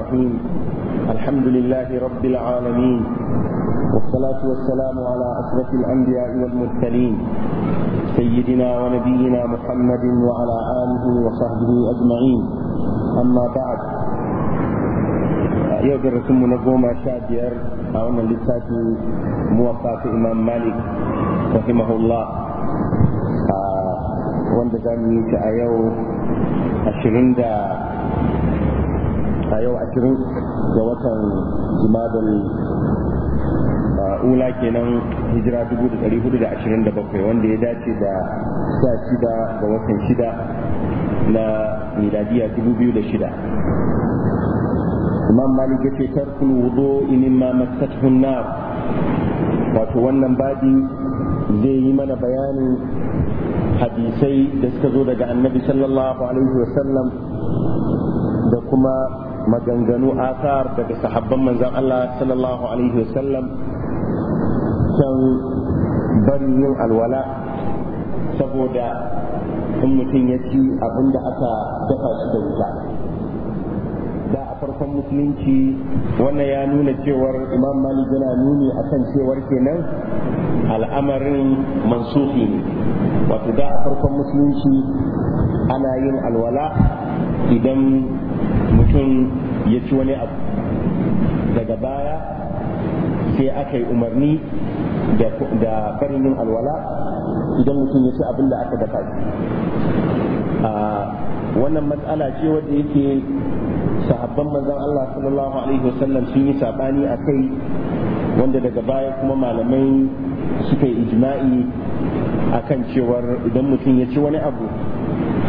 الرحيم الحمد لله رب العالمين والصلاة والسلام على أشرف الأنبياء والمرسلين سيدنا ونبينا محمد وعلى آله وصحبه أجمعين أما بعد يوجد رسم نقوم شادير أو من لساتي موقع إمام مالك رحمه الله آه وندى ذلك أيو a yau ashirin ga watan jimadal ula kenan hijira 427 wanda ya dace da sha shida ga watan shida na miladiya 2006 imam malik ya ce tarkul wudu ma massathu nar wato wannan babi zai yi mana bayanin hadisai da suka zo daga annabi sallallahu alaihi wasallam da kuma maganganu asar daga sahabban manzan Allah sallallahu alaihi wasallam kan barin alwala saboda in mutum ya ci abin da aka dafa shi da wuta da a farkon musulunci wannan ya nuna cewar imam malik yana nuni akan cewar kenan al'amarin mansufi ne wato da a farkon musulunci ana yin alwala idan mutum ya ci wani abu daga baya sai aka yi umarni da farin yin alwala idan mutum ya ci abin da aka dafa shi ah, wannan matsala ce wadda yake sahabban manzon Allah sallallahu alaihi wasallam sun yi sabani a kai wanda daga baya kuma malamai suka yi a akan cewar idan mutum ya ci wani abu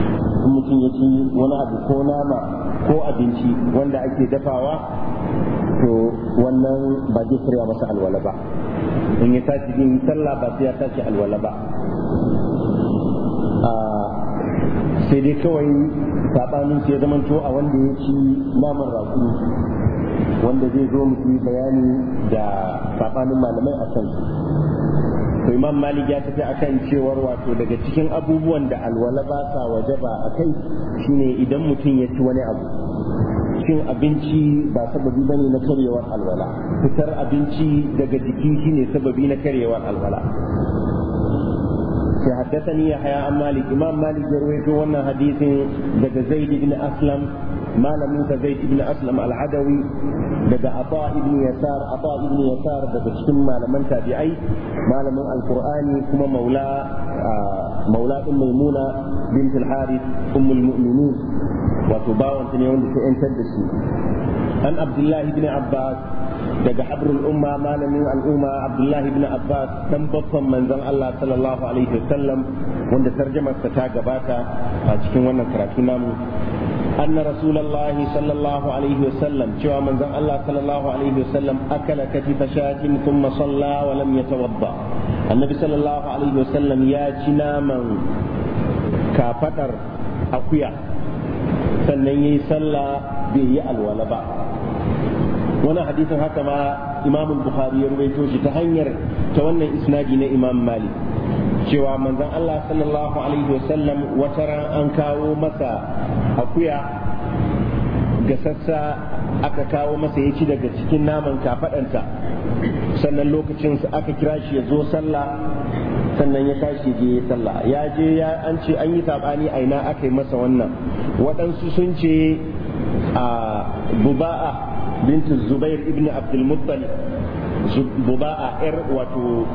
in mutum ya ci wani abu ko nama ko abinci wanda ake dafawa to wannan ba zai karya masa alwala ba in ya tashi yin sallah ba sai ya tashi alwala ba ah, sai dai kawai sabanin sai zamanto a wanda ya ci naman raku wanda zai zo mutum bayani da sabanin malamai a kansu to imam malik ya tafi akan cewar wato daga cikin abubuwan da alwala ba sa wajaba a kai shine idan mutum ya ci wani abu cin abinci ba sababi bane na karyewar alwala fitar abinci daga jiki shine sababi na karyewar alwala sai ya yahya an malik imam malik ya rawaito wannan hadisin daga zaid ibn aslam malamin sa zai ibn aslam al-hadawi daga ata ibn yasar ata ibn yasar daga cikin malaman tabi'ai malamin alqur'ani kuma maula maula din maimuna bint al-harith ummul mu'minin wato bawan ta ne wanda ta yantar da shi an abdullahi ibn abbas daga habrul umma malamin al'umma abdullahi ibn abbas dan babban manzon Allah sallallahu alaihi wasallam wanda tarjumar ta gabata a cikin wannan karatu namu أن رسول الله صلى الله عليه وسلم جوا من زم الله صلى الله عليه وسلم أكل كتف شاة ثم صلى ولم يتوضأ النبي صلى الله عليه وسلم يا جناما كفتر أقيا سنني صلى به الولباء وانا حديثا هكما إمام البخاري يروي توشي تهنير تولى إسنادي إمام مالك cewa manzon Allah sallallahu alaihi wasallam wata ran an kawo masa akuya ga sassa aka kawo masa ya ci daga cikin naman kafadanta sannan lokacin aka kira shi ya zo sallah sannan ya tashi je ya sallah ya je ya an ce an yi sabani aina aka yi masa wannan waɗansu sun ce a buba'a bintu zubair ibn abdul muttalib a yar wato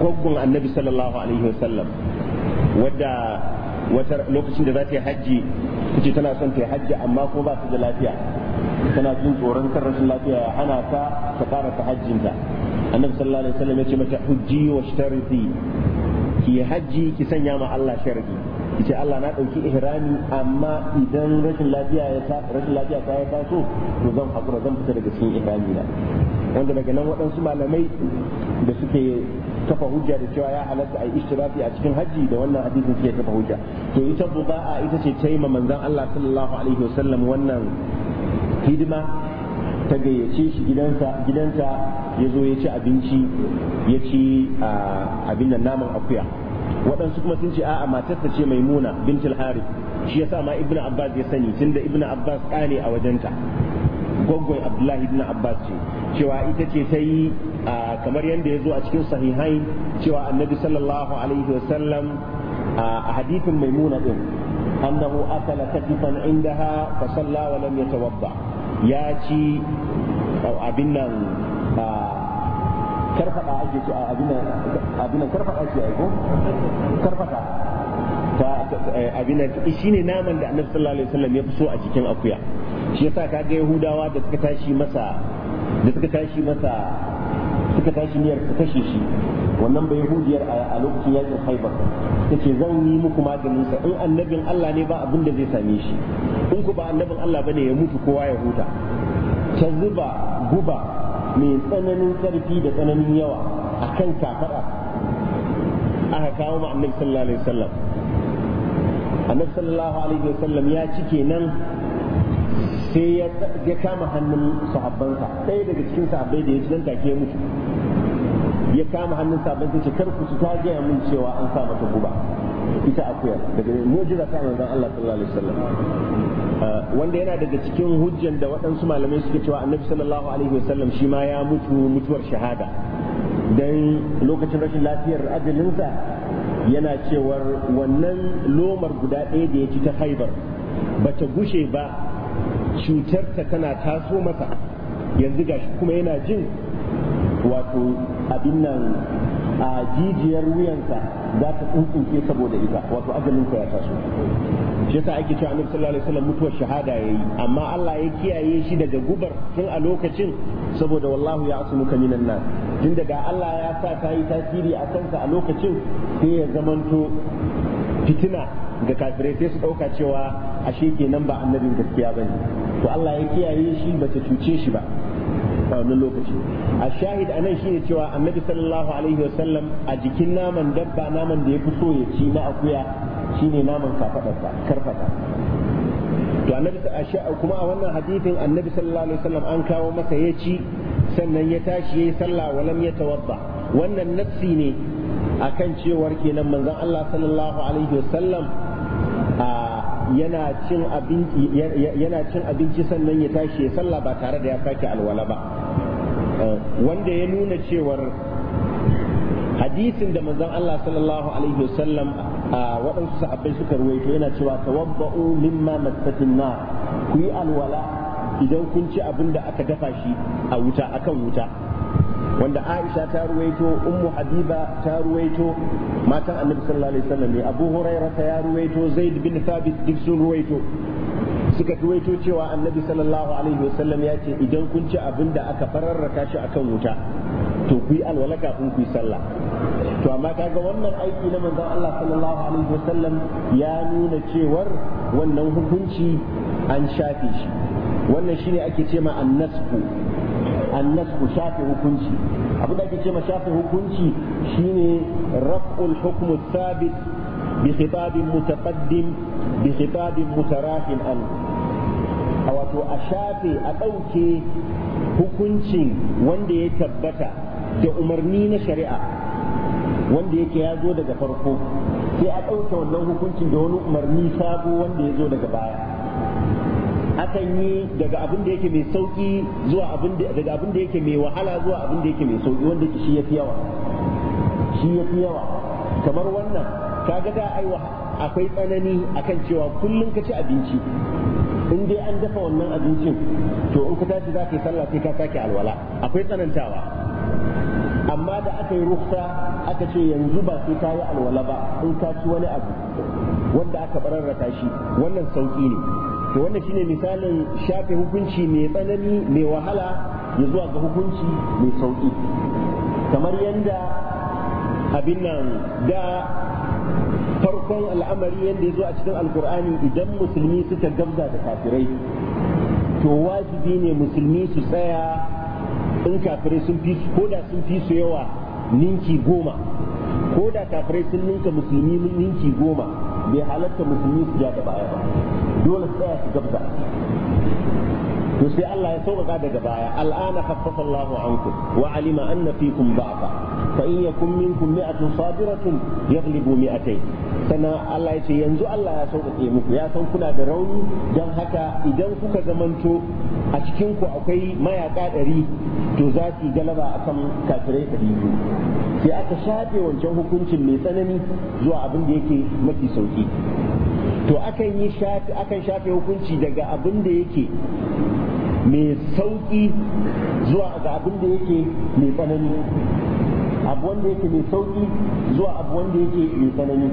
gwaggon annabi sallallahu alaihi wasallam wadda wata lokacin da za ta yi hajji kuce tana son ta yi hajji amma ko ba ta da lafiya tana jin tsoron kan rashin lafiya ya hana ta ta ƙara ta hajjinta annabi sallallahu alaihi wasallam ya ce mata hujji wa shtariti ki hajji ki sanya ma Allah sharadi ki ce Allah na ɗauki ihrami amma idan rashin lafiya ya rashin lafiya ta ya taso to zan hakura zan fita daga cikin ihrami na wanda daga nan waɗansu malamai da suke kafa hujja da cewa ya halatta a yi ishtirafi a cikin hajji da wannan hadisin suke kafa hujja to ita buba'a ita ce ta yi ma manzon Allah sallallahu alaihi wasallam wannan hidima ta gayyace shi gidansa gidanta ya zo ya ci abinci ya ci abin nan naman akuya waɗansu kuma sun ce a'a matarsa ce muna bintul harith shi yasa ma ibnu abbas ya sani tunda ibnu abbas kane a wajenta gwaggwai abdullahi ibn abbas ce cewa ita ce ta yi kamar yadda ya zo a cikin sahihai cewa annabi sallallahu alaihi wasallam a hadithin maimuna din annahu akala katifan indaha fa salla wa lam yatawadda ya ci abin nan karfada ake ci abin nan abin nan karfada ce ai ko karfada ta eh, abin nan shine naman da annabi sallallahu alaihi wasallam ya fi so a cikin akuya shi yasa ka ga yahudawa da suka tashi masa da suka tashi masa suka tashi niyyar su kashe shi wannan bai yahudiyar a lokacin yakin haibar ta zan yi muku maganin sa in annabin Allah ne ba abin da zai same shi in ku ba annabin Allah bane ya mutu kowa ya huta ta zuba guba mai tsananin karfi da tsananin yawa a kan kafara aka kawo ma annabi sallallahu alaihi wasallam annabi sallallahu alaihi wasallam ya cike nan sai ya kama hannun sahabbansa ɗaya daga cikin sahabbai da ya ci nan take mutu ya kama hannun sahabbansa ce kar ku ta gaya mun cewa an sa mata guba ita akuya daga mujiza ta manzon Allah sallallahu alaihi wasallam ah, wanda yana daga cikin hujjan da waɗansu malamai suke cewa annabi sallallahu alaihi wasallam shi ma ya mutu mutuwar shahada dan lokacin rashin lafiyar ajalinsa yana cewar wannan lomar guda ɗaya da ya ci ta haibar bata gushe ba cutarta tana taso masa yanzu gashi kuma yana jin wato abin nan a jijiyar wuyansa za ta tsuntsunke saboda ita wato ajalinsa ya taso shi yasa ake cewa annabi sallallahu alaihi wasallam mutuwar shahada yayi amma Allah ya kiyaye shi daga gubar tun a lokacin saboda wallahu ya muka minan nan tun daga Allah ya sa ta yi tasiri a kansa a lokacin sai ya zamanto fitina ga kafirai sai su dauka cewa ashe kenan ba annabin gaskiya ne, to Allah ya kiyaye shi bata cuce shi ba a wannan lokaci a shahid a nan shine cewa annabi sallallahu alaihi wasallam a jikin naman dabba naman da ya fi so ya ci na akuya shine naman kafadarsa karfata to annabi kuma a wannan hadithin annabi sallallahu alaihi wasallam an kawo masa ya ci sannan ya tashi ya yi sallah walam ya tawadda wannan nafsi ne akan cewar kenan manzon Allah sallallahu alaihi wasallam a yana cin abinci yana cin abinci sannan ya tashi ya sallah ba tare da ya sake alwala ba eh, wanda ya nuna cewar hadisin da manzon Allah sallallahu alaihi wasallam waɗansu sahabbai suka ruwaito yana cewa tawabba'u mimma masfatin na ku yi alwala idan kun ci abin da aka dafa shi a wuta akan wuta wanda Aisha ta ruwaito Ummu Habiba ta ruwaito matan Annabi sallallahu alaihi wasallam ne Abu Hurairah ya ruwaito Zaid bin Thabit duk sun ruwaito suka ruwaito cewa Annabi sallallahu alaihi wasallam ya ce idan kun ci abin da aka fararraka shi akan wuta to ku yi alwala kafin ku yi sallah to amma kaga wannan aiki na manzon Allah sallallahu alaihi wasallam ya nuna cewar wannan hukunci an shafe shi wannan shine ake ce ma annasku annasu shafe hukunci abin da ake ce ma shafe hukunci shine raf'ul hukm thabit bi khitabin mutaqaddim bi khitabin mutarahin an wato a shafe a ɗauke hukuncin wanda ya tabbata da umarni na shari'a wanda yake ya zo daga farko sai a ɗauke wannan hukuncin da wani umarni sabo wanda ya zo daga baya akan yi daga abin da yake mai sauki zuwa abin da daga abin da yake mai wahala zuwa abin da yake mai sauki wanda shi fi yawa shi fi yawa kamar wannan kaga da aiwa akwai tsanani akan cewa kullum ka ci abinci in dai an dafa wannan abincin to in ka tashi za ka yi sallah sai ka sake alwala akwai tsanantawa amma da aka yi ruksa aka ce yanzu ba sai ka yi alwala ba in ka ci wani abu wanda aka bararraka shi wannan sauki ne to wannan shine misalin shafe hukunci mai tsanani mai wahala ya zuwa ga hukunci mai sauki kamar yadda abin nan da farkon al'amari yadda ya zo a cikin alkur'ani idan musulmi suka gabza da kafirai to wajibi ne musulmi su tsaya in kafirai sun fi ko da sun fi su yawa ninki goma ko kafirai sun ninka musulmi ninki goma bai halatta musulmi su ja da baya ba dole su tsaya su gabza to sai Allah ya sauƙaƙa daga baya al'ana khaffafa Allah ankum wa alima anna fikum da'fa fa in yakum minkum mi'atun sabiratun yaghlibu mi'atayn sannan Allah ya ce yanzu Allah ya sauƙaƙe muku ya san kuna da rauni dan haka idan kuka zamanto a cikin ku akwai mayaka ɗari to za galaba akan kafirai ɗari biyu sai aka shafe wancan hukuncin mai tsanani zuwa abin da yake mafi sauki to akan yi akan shafe hukunci daga abin da yake mai sauki zuwa ga abin da yake mai tsanani abu wanda yake mai sauki zuwa abu wanda yake mai tsanani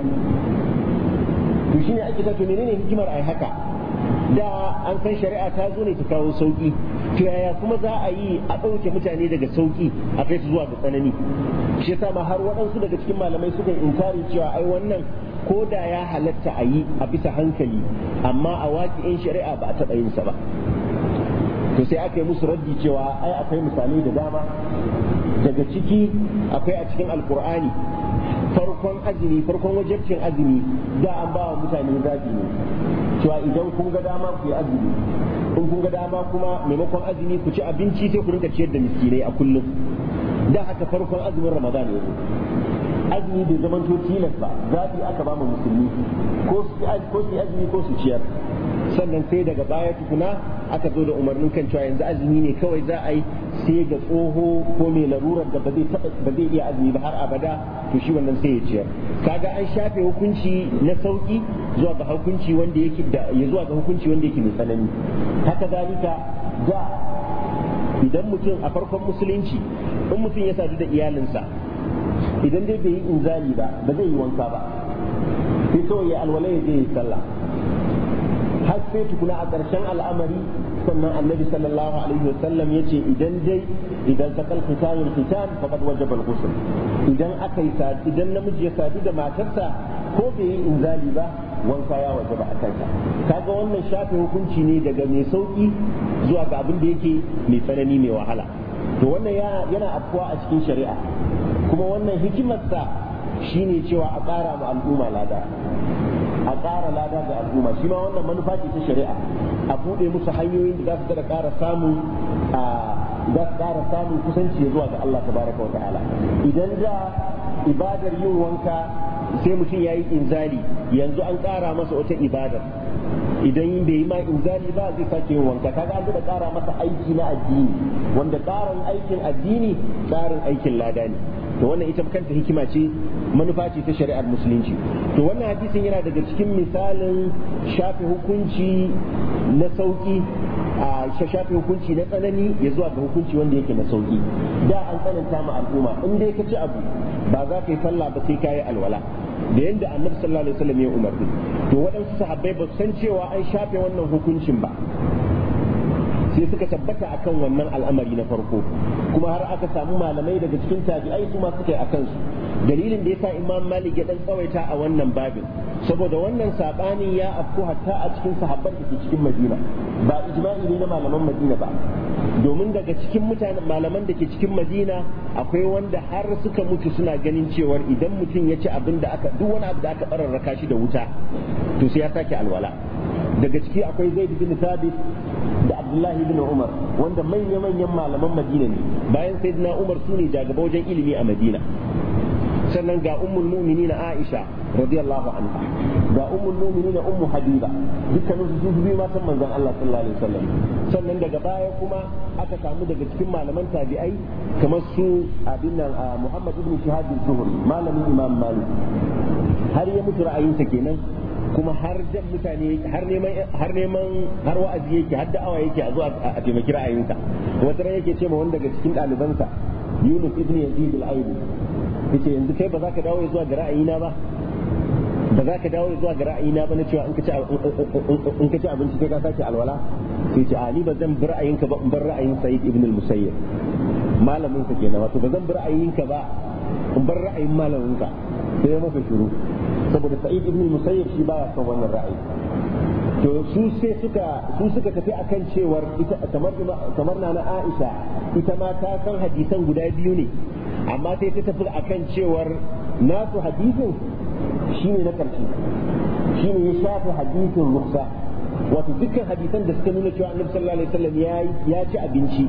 to shine ake ta to menene hikimar ai haka da an san shari'a ta zo ne ta kawo sauƙi. to yaya kuma za a yi a ɗauke mutane daga sauki a kai su zuwa ga tsanani shi yasa ma har waɗansu daga cikin malamai suka inkari cewa ai wannan ko da ya halatta a yi a bisa hankali amma a in shari'a ba a taɓa yin sa ba to sai aka yi musu raddi cewa ai akwai misali da dama daga ciki akwai a cikin alkur'ani farkon azumi farkon wajabcin azumi da an ba wa mutane zaɓi ne cewa idan kun ga dama ku yi azumi in kun ga dama kuma maimakon azumi ku ci abinci sai ku rinka ciyar da miskinai a kullum da haka farkon azumin ramadan ya zo azumi bai to tilas ba zaɓi aka ba mu musulmi ko su azumi ko su ciyar sannan sai daga baya tukuna aka zo da umarnin kan cewa yanzu azumi ne kawai za a yi sai ga tsoho ko mai larurar da ba zai iya azumi ba har abada to shi wannan sai ya ciyar kaga an shafe hukunci na sauki zuwa ga hukunci wanda yake da ya zuwa ga hukunci wanda yake mai tsanani haka zalika da idan mutum a farkon musulunci in mutum ya sadu da iyalinsa idan dai bai yi inzali ba ba zai yi wanka ba sai so ya alwala ya je yi sallah har sai tukuna a ƙarshen al'amari sannan annabi sallallahu alaihi wa sallam yace idan dai idan sakal khitanul khitan faqad wajaba al-ghusl idan aka yi idan namiji ya sadu da matarsa ko bai yi inzali ba wanka ya wajaba a kansa kaga wannan shafin hukunci ne daga mai sauki zuwa ga abin da yake mai tsanani mai wahala to wannan yana afkuwa a cikin shari'a kuma wannan hikimarsa shine cewa a ƙara mu al'umma lada a ƙara lada ga al'umma shi ma wannan manufa ce ta shari'a a buɗe musu hanyoyin da za su ƙara samun za su ƙara samun kusanci zuwa ga Allah tabaraka wa ta'ala idan da ibadar yin wanka sai mutum ya yi inzali yanzu an ƙara masa wata ibadar idan bai yi ma inzali ba zai sake yin wanka kaga an da ƙara masa aiki na addini wanda ƙarin aikin addini ƙarin aikin lada ne to wannan ita kanta hikima ce manufa ce ta shari'ar musulunci to wannan hadisin yana daga cikin cikin misalin shafe hukunci na sauki a shafe hukunci na tsanani ya zuwa ga hukunci wanda yake na sauki da an tsananta ma al'umma in dai ka ci abu ba za ka yi sallah ba sai ka yi alwala da yadda annabi sallallahu alaihi wasallam ya umarni to waɗansu sahabbai ba san cewa an shafe wannan hukuncin ba sai suka tabbata akan wannan al'amari na farko kuma har aka samu malamai daga cikin tabi'ai su ma suka yi akan su dalilin da yasa imam malik ya dan tsawaita a wannan babin saboda wannan sabani ya afku hatta a cikin sahabban da ke cikin madina ba ijma'i ne na malaman madina ba domin daga cikin mutanen malaman da ke cikin madina akwai wanda har suka mutu suna ganin cewar idan mutum ya ci abin da aka duk wani abu da aka bararraka shi da wuta to sai ya sake alwala daga ciki akwai zaid bin thabit da abdullahi bin umar wanda manya manyan malaman madina ne bayan sayyidina umar sune jagaba wajen ilimi a madina sannan ga ummul mu'minina aisha radiyallahu anha ga ummul mu'minina ummu habiba dukkanin su su biyu matan manzon Allah sallallahu alaihi wasallam sannan daga baya kuma aka samu daga cikin malaman tabi'ai kamar su abin nan ah, Muhammad ibn Shihab bin malamin Imam Malik har ya mutu ra'ayinsa kenan kuma har jan mutane har neman har neman har wa'azi yake har da'awa yake a zuwa a taimaki ra'ayinka wata ran yake ce ma wanda daga cikin ɗalibansa Yunus ibn Yazid al-Aidi yace yanzu kai ba za ka dawo zuwa ga ra'ayina ba ba za ka dawo zuwa ga ra'ayina ba na cewa in ka ci abinci kai ka sake alwala sai ce a ni ba zan bi ra'ayinka ba in bar ra'ayin Sayyid ibn al-Musayyib malamin sa kenan wato ba zan bi ra'ayinka ba in bar ra'ayin malaminka sai ya masa shiru saboda sa'id ibn musayyib shi baya son wannan ra'ayi to su sai suka su suka tafi akan cewar ita kamar kamar nana Aisha ita ma ta san hadisan guda biyu ne amma sai ta tafi akan cewar nasu hadisin shine na karshe shine ya shafi hadisin ruksa wato dukkan hadisan da suka nuna cewa annabi sallallahu alaihi wasallam ya ya ci abinci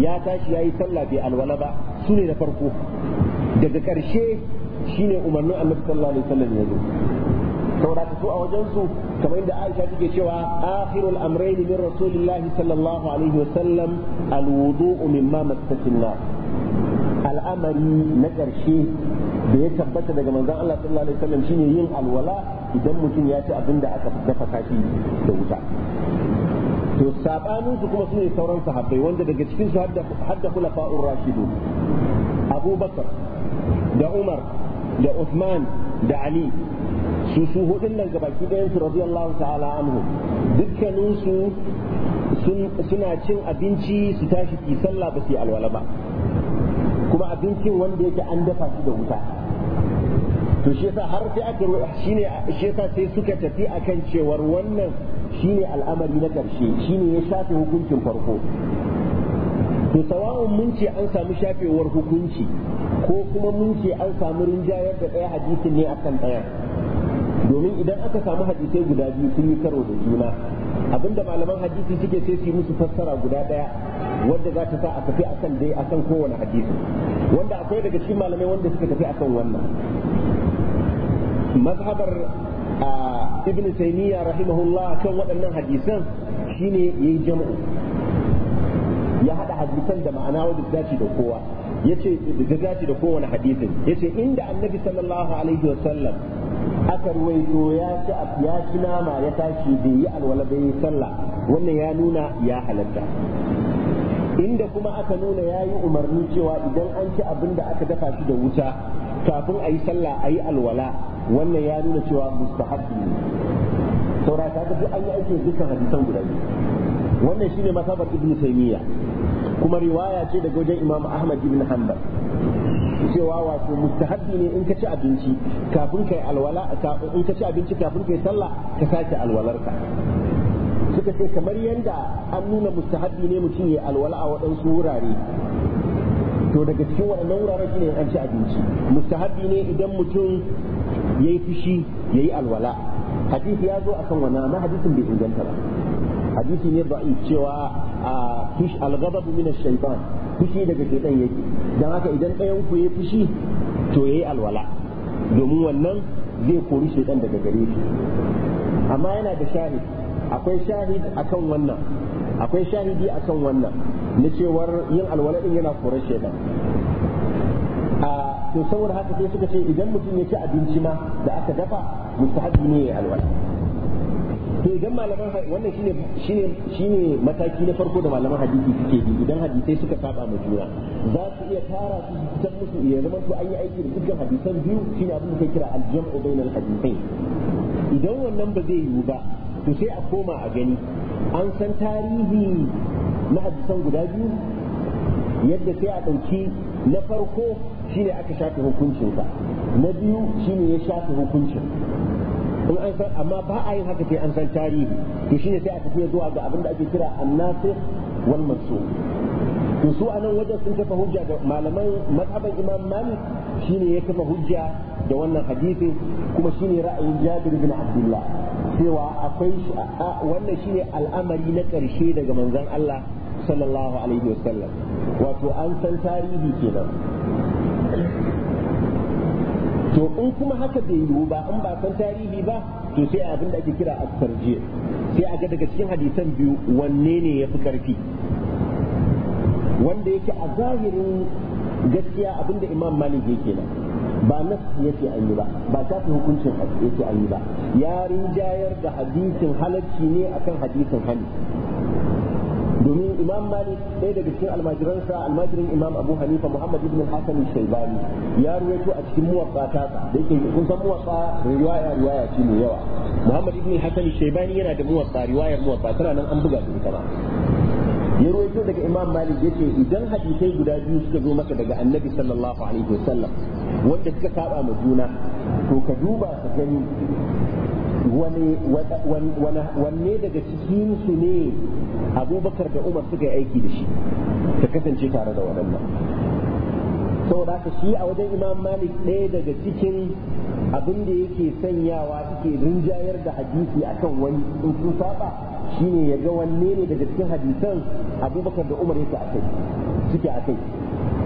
ya tashi yayi sallah bai alwala ba ne da farko daga ƙarshe shine umarnin annabi sallallahu alaihi wasallam ya zo saboda su a wajen su kamar inda Aisha take cewa akhirul amrayn min rasulillahi sallallahu alaihi wasallam alwudu'u mimma mastatina al'amari na ƙarshe da ya tabbata daga manzon Allah sallallahu alaihi wasallam shine yin alwala idan mutum ya ci abin da aka dafa kashi da wuta to sabanin su kuma sune sauran sahabbai wanda daga cikin su hadda khulafa'ur rashidun Abu Bakar da Umar da Uthman da Ali su su hudun nan gabaki ɗayan su radiyallahu ta'ala anhu dukkanin su suna cin abinci su tashi ki sallah ba su alwala ba kuma abincin wanda yake an dafa shi da wuta to shi yasa har sai aka shine shi yasa sai suka tafi akan cewar wannan shine al'amari na karshe shine ya shafe hukuncin farko to tawa'un mun ce an samu shafewar hukunci ko kuma mun ce an samu rinjayar da ɗaya hadisin ne akan ɗaya domin idan aka samu hadisai guda biyu sun yi karo da juna abinda malaman hadisi suke sai su musu fassara guda ɗaya wadda za ta sa a tafi akan dai akan kowane hadisi wanda akwai daga cikin malamai wanda suka tafi akan wannan mazhabar ibn taymiya rahimahullah kan waɗannan hadisan shine yayi jam'u ya hada hadisan da ma'ana wadda dace da kowa yace da dace da kowane hadisin yace inda annabi sallallahu alaihi wasallam aka ruwaito ya ci ya ci nama ya tashi bai yi alwala bai sallah wannan ya nuna ya halatta inda kuma aka nuna ya yi umarni cewa idan an ci abin da aka dafa shi da wuta kafin a yi sallah a yi alwala wannan ya nuna cewa mustahabbi ne saura ta ga an yi aikin dukkan hadisan guda biyu wannan shine masabar ibn taymiya kuma riwaya ce daga wajen imam ahmad ibn hanbal cewa wato mustahabbi ne in ka ci abinci kafin kai alwala in ka ci abinci kafin kai sallah ka sake alwalarka suka ce kamar yadda an nuna mustahabbi ne mutum ya alwala a waɗansu wurare to daga cikin waɗannan wuraren shine an ci abinci mustahabbi ne idan mutum yayi fushi yayi alwala hadisi ya zo akan wani amma hadisin bai inganta ba hadisi ne ba cewa a fish al min ash-shaytan fushi daga shaytan yake dan haka idan ɗayan ku yayi fushi to yayi alwala domin wannan zai kori shaytan daga gare shi amma yana da shahid akwai shahid akan wannan akwai shahidi akan wannan na cewar yin alwala din yana korar shaytan a to saboda haka sai suka ce idan mutum ya ci abinci ma da aka dafa mustahabi ne ya alwal to idan malaman wannan shine shine shine mataki na farko da malaman hadisi suke bi idan hadisai suka saba ma juna za su iya tara su san musu ya zama su an yi aiki da dukkan hadisan biyu shine abin da kai kira al-jam'u bainal idan wannan ba zai yi ba to sai a koma a gani an san tarihi na hadisan guda biyu yadda sai a ɗauki na farko shine aka shafe hukuncinsa na biyu shine ya shafe hukuncin in an san amma ba a yin haka sai an san tarihi to shine sai a tafi zuwa ga abin da ake kira annasikh wal mansukh to su anan wajen sun kafa hujja da malaman madhaban imam malik shine ya kafa hujja da wannan hadisi kuma shine ra'ayin jabir bin abdullah cewa akwai wannan shine al'amari na karshe daga manzon Allah sallallahu alaihi wasallam wato an san tarihi kenan to in kuma haka bai yiwu ba in ba san tarihi ba to sai abin da ake kira a sai a ga daga cikin hadisan biyu wanne ne ya fi karfi wanda yake a zahirin gaskiya abin da imam malik yake nan ba nas yake an yi ba ba ta fi hukuncin yake an yi ba ya rinjayar da hadisin halacci ne akan hadisin hali domin imam malik ɗaya daga cikin almajiransa almajirin imam abu hanifa muhammad ibn hasan shaibani ya ruwaito a cikin muwaffa ta da yake kun san muwaffa riwaya riwaya ce mai yawa muhammad ibn hasan shaibani yana da muwaffa riwayar muwaffa tana nan an buga su ba ya ruwaito daga imam malik yace idan hadisai guda biyu suka zo maka daga annabi sallallahu alaihi wasallam wanda suka saba ma juna to ka duba ka gani wanne daga cikin su ne abubakar da umar suka yi aiki da shi ta kasance tare da waɗannan saboda haka shi a wajen imam malik ɗaya daga cikin abin da yake sanyawa suke rinjayar da hadisi akan wani in sun saba shine ya ga wanne ne daga cikin hadisan abubakar da umar yake a kai a kai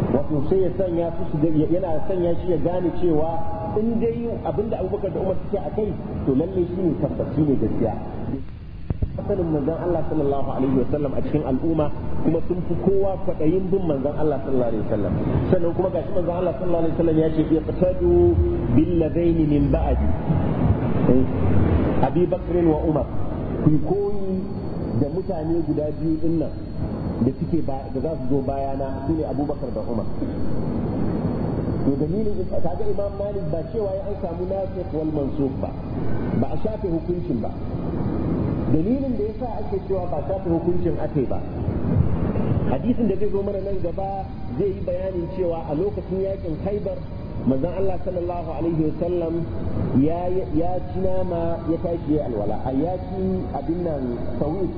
wato sai ya sanya su su yana sanya shi ya gane cewa in dai abinda abubakar da umar suke a kai to lalle shi ne tabbaci ne gaskiya sanin manzon Allah sallallahu alaihi wasallam a cikin al'umma kuma sun fi kowa kwaɗayin bin manzon Allah sallallahu alaihi wasallam sannan kuma gashi manzon Allah sallallahu alaihi wasallam ya ce iqtadu bil ladaini min ba'di eh, Abi Bakr wa Umar ku koyi da mutane guda biyu nan. da suke da za su zo bayana su ne abubakar da umar to dalilin kaga imam malik ba cewa ya an samu nasikh wal mansukh ba ba a shafe hukuncin ba dalilin da yasa ake cewa ba shafe hukuncin ake ba hadisin da zai zo mana nan gaba zai yi bayanin cewa a lokacin yakin haibar manzon Allah sallallahu alaihi wasallam ya ya ci nama ya tashi alwala a yakin abin nan sawit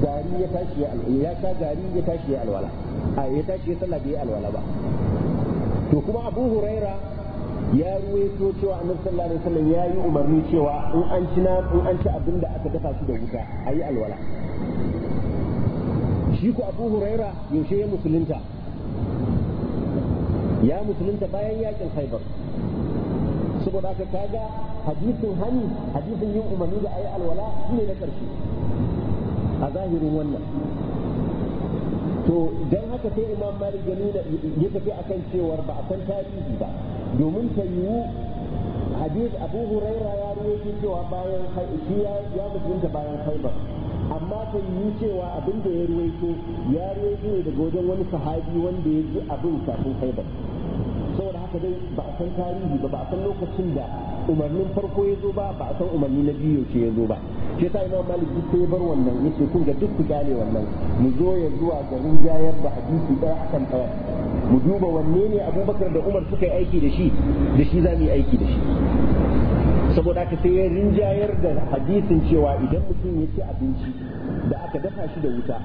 gari ya tashi ya sha gari ya tashi ya alwala a ya tashi ya sallah bai alwala ba to kuma abu huraira ya ruwaito cewa annabi sallallahu alaihi wasallam ya yi umarni cewa in an ci na in an ci abin da aka dafa shi da wuta a yi alwala shi ku abu huraira yaushe ya musulunta ya musulunta bayan yakin haibar saboda haka kaga hadisin hani hadisin yin umarni da ayi alwala shine na karshe a zahirin wannan to don haka sai imam malik ya nuna ya tafi a kan cewar ba a san tarihi ba domin ta yiwu hadis abu huraira ya ruwaito cewa bayan haifi ya mutunta bayan haifar amma ta yiwu cewa abin da ya ruwaito ya ruwaito ne daga wajen wani sahabi wanda ya ji abin kafin haifar saboda haka dai ba a san tarihi ba ba a san lokacin da umarnin farko ya zo ba ba a san umarni na biyu yaushe ya zo ba shi sa imam malik duk sai bar wannan yace kun ga duk ku gane wannan mu zo ya zuwa garin jayar da hadisi ɗaya akan tsaya mu duba wanne ne abubakar da umar suka yi aiki da shi da shi za mu yi aiki da shi saboda haka sai ya rinjayar da hadisin cewa idan mutum ya ci abinci da aka dafa shi da wuta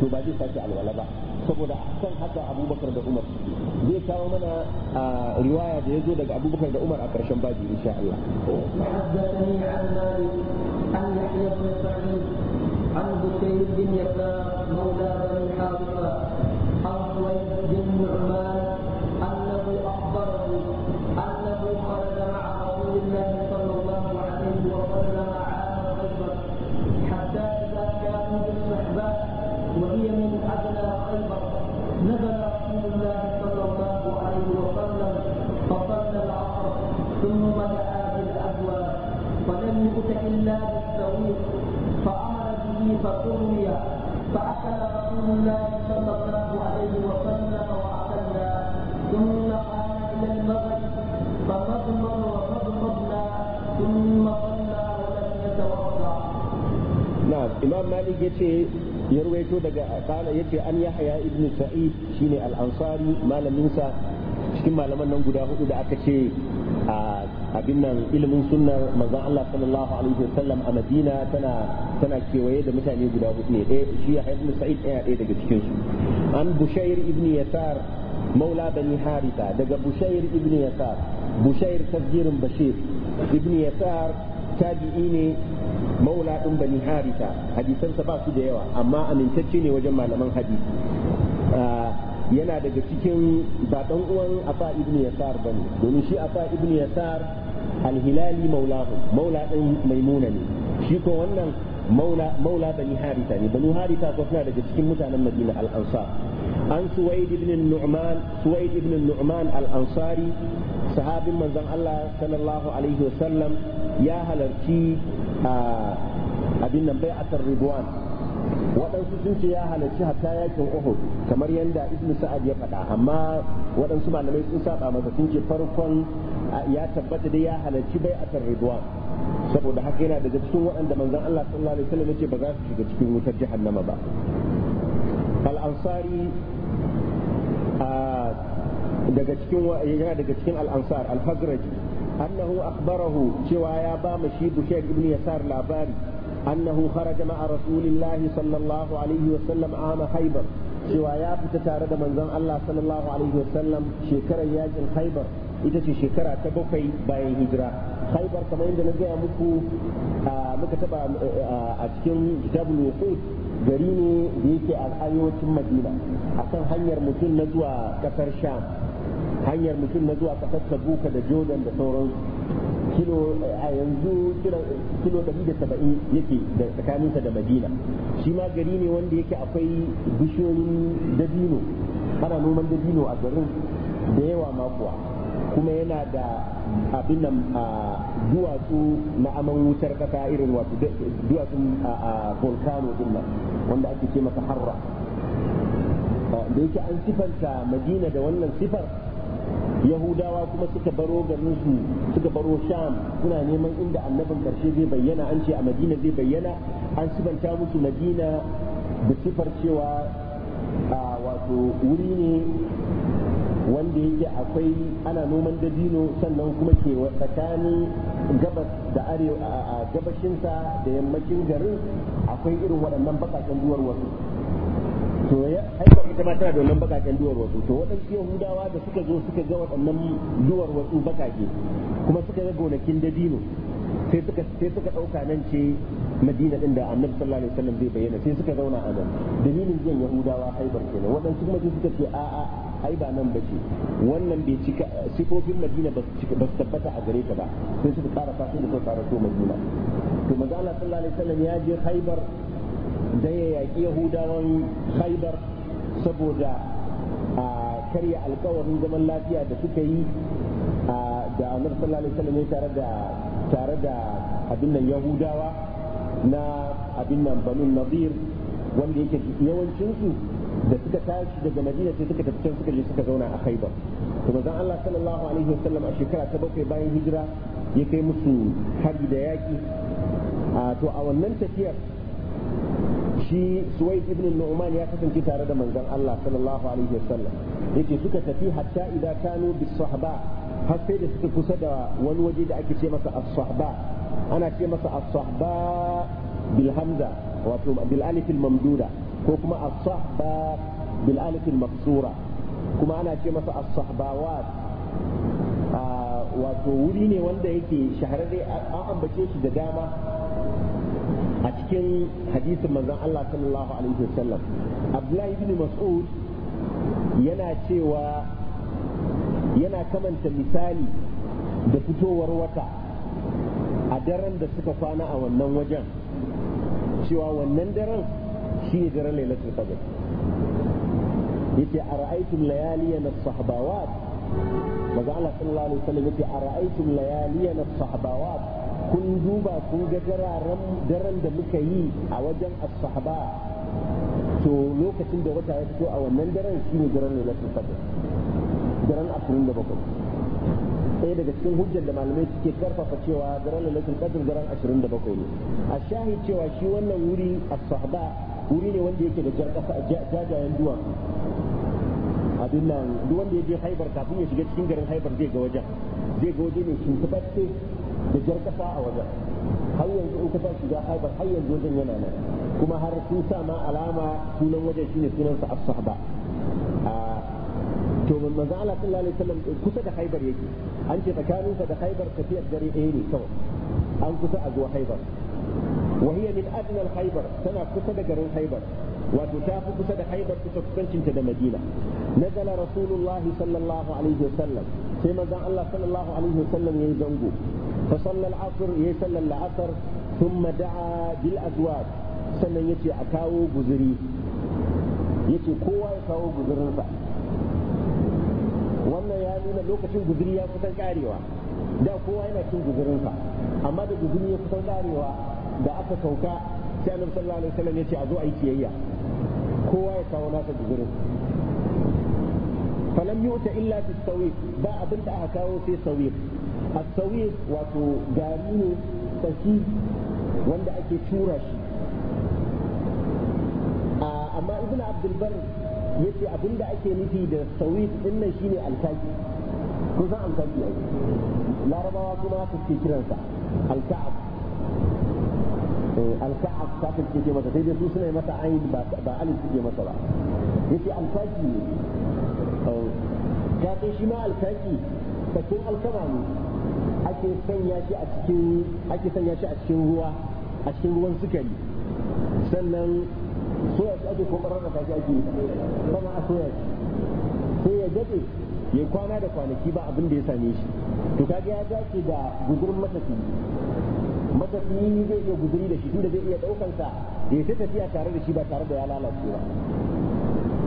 to ba zai sake alwala ba saboda kan haka abubakar da umar zai kawo mana a riwaya da ya zo daga abubakar da umar a ƙarshen baji insha Allah عن بن يسار مولى عن بن فسمي فأكل رسول الله صلى الله عليه وسلم ثم إلى المغرب فمضمر ثم صلى ولم نعم إمام مالك يتي daga kala yace an yahya ibn sa'id shine al-ansari malamin sa cikin malaman nan guda hudu da aka ce a abin nan ilimin sunnar manzon Allah sallallahu alaihi wasallam a Madina tana tana kewaye da mutane guda hudu ne ɗaya shi ya ibn Sa'id ɗaya ɗaya daga cikin su an Bushair ibn Yasar maula bani Haritha daga Bushair ibn Yasar Bushair tafjirin Bashir ibn Yasar tabi'i ne maula ɗin bani Haritha hadisansa ba su da yawa amma amintacce ne wajen malaman hadisi ah, yana daga cikin ba dan uwan afa ibn yasar bane domin shi afa ibn yasar alhilali maulahu maula din maimuna ne shi ko wannan maula maula bani harita ne bani harita ko suna daga cikin mutanen madina al ansar an suwaid ibn nu'man suwaid ibn nu'man al ansari sahabin manzon Allah sallallahu alaihi wasallam ya halarci ah, abin nan bai'atar ridwan waɗansu sun ce ya halarci hatta yakin uhud kamar yadda ibnu sa'ad ya faɗa amma waɗansu malamai sun saba masa sun ce farkon ya tabbata da ya halarci bai atar ridwan saboda haka yana daga cikin waɗanda manzon Allah sallallahu alaihi wasallam yace ba za su shiga cikin wutar jahannama ba al ansari daga cikin yana daga cikin al ansar al hazraji annahu akhbarahu cewa ya ba mashi bushair ibn yasar labari annahu خرج مع رسول الله صلى الله عليه وسلم عام خيبر cewa ya fita tare da manzon Allah sallallahu alaihi wasallam shekarar yakin haibar ita ce shekara ta bakwai bayan hijira Khaibar kamar yadda na gaya muku muka taba a cikin kitabul wuqut gari ne da yake a arewacin Madina akan hanyar mutum na zuwa kasar hanyar mutum na zuwa kasar Tabuka da Jordan da sauransu kilo a yanzu kilo da 170 yake da tsakaninsa da madina shi ma gari ne wanda yake akwai bishiyoyin dabino ana noman dabino a garin da yawa makuwa kuma yana da abin nan a duwatsu na aman wutar kasa irin wato duwatsun a volcano din nan wanda ake ce masa harra da yake an sifanta madina da wannan sifar yahudawa kuma suka baro garin su suka baro sham suna neman inda annabin karshe zai bayyana an ce a madina zai bayyana an sibanta musu madina da sifar cewa a wato wuri ne wanda yake akwai ana noman dabino sannan kuma ke tsakanin gabas da arewa a gabashinsa da yammacin garin akwai irin waɗannan baƙaƙen duwar wasu to ya aika ita ba tana da wannan bakaken duwar wasu to waɗansu yahudawa da suka zo suka ga waɗannan duwar wasu bakake kuma suka ga gonakin dabino sai suka sai suka ɗauka nan ce Madina din da Annabi sallallahu alaihi wasallam zai bayyana sai suka zauna a nan dalilin zuwan Yahudawa Khaibar kenan waɗansu kuma sai suka ce a a ai ba nan bace wannan bai cika sifofin Madina ba su tabbata a gare ta ba sai suka ƙara fasin da suka ƙara so Madina to manzo Allah sallallahu alaihi wasallam ya je Khaibar da ya yaƙi yahudawan khaibar saboda a karya alkawarin zaman lafiya da suka yi da annabi sallallahu alaihi wasallam tare da tare da abin nan yahudawa na abin nan banu nadir wanda yake yawancin su da suka tashi daga madina sai suka tafi can suka je suka zauna a khaibar to manzon Allah sallallahu alaihi wasallam a shekara ta bakwai bayan hijira ya kai musu hari da yaƙi to a wannan tafiyar shi suwaid ibn nu'man ya kasance tare da manzon Allah sallallahu alaihi wasallam yake suka tafi hatta idan kanu bis sahaba har sai da suka kusa da wani waje da ake ce masa as-sahaba ana ce masa as-sahaba bil hamza wato bil alif al mamduda ko kuma as-sahaba bil alif al maksura kuma ana ce masa as-sahbawat ah, wato wuri ne wanda yake shahararre an ambace shi da dama a cikin hadisin manzon Allah sallallahu alaihi wasallam Abdullahi ibn Mas'ud yana cewa yana kamanta misali da fitowar wata a daren da suka kwana a wannan wajen cewa wannan daren shi ne daren lailatul qadr yace ara'aytum layaliyan as-sahabawat maza Allah sallallahu alaihi wasallam yace ara'aytum layaliyan as-sahabawat kun duba kun ga daren da muka yi a wajen as to lokacin da wata ya fito a wannan daren shine daren lailatul qadr daren 27 ɗaya daga cikin hujjar da malamai suke karfafa cewa daren lalatul qadr daren 27 ne a shahid cewa shi wannan wuri a wuri ne wanda yake da jajayen duwatsu abin nan duk wanda ya je haibar kafin ya shiga cikin garin haibar zai ga wajen zai ga waje ne shimfiɗaɗɗe da jar kasa a wajen har yanzu in ka tashi shiga haibar har yanzu wajen yana nan kuma har sun sa ma alama sunan wajen shine sunansa as-sahba to manzo Allah sallallahu alaihi wasallam kusa da haibar yake an ce tsakaninsa da haibar tafiyar dare ɗaya ne kawai an kusa a zuwa haibar وهي من أدنى الخيبر سنة كتب جرين خيبر wato ta fi kusa da haibar kusa kusancinta da madina nazala rasulullahi sallallahu alaihi wasallam sai manzon Allah sallallahu alaihi wasallam yayi zango fa sallal asr yayi sallal asr thumma da'a bil azwaj sannan yace a kawo guzuri yace kowa ya kawo guzurinsa wannan ya nuna lokacin guzuri ya kusan karewa da kowa yana cin guzurinsa amma da guzuri ya kusan karewa da aka sauka sai annabi sallallahu alaihi wasallam yace a zo ayi kiyayya kowa ya kawo nasa gugurin falam yu'ta illa fi sawiq ba abin da aka kawo sai sawiq as-sawiq wato gari ne tsaki wanda ake tura shi amma ibnu abdul bar yace abin da ake nufi da sawiq din nan shine alkaki ko san alkaki ai larabawa kuma haka suke kiransa alka'ab eh, alka'ab kafin suke masa sai dai su suna mata ayin ba alif suke masa ba Yake alfaki ne ya sai shi ma alfaki bakin alkama ne ake sanya shi a cikin ake sanya shi a cikin ruwa a cikin ruwan sukari sannan soya shi ake kuma da kashi ake sama a soya shi sai ya jade ya kwana da kwanaki ba abin da ya same shi to kaga ya dace da guzurin matafiyi matafiyi zai iya guzuri da shi tunda zai iya daukan sa ya ta tafiya tare da shi ba tare da ya lalace ba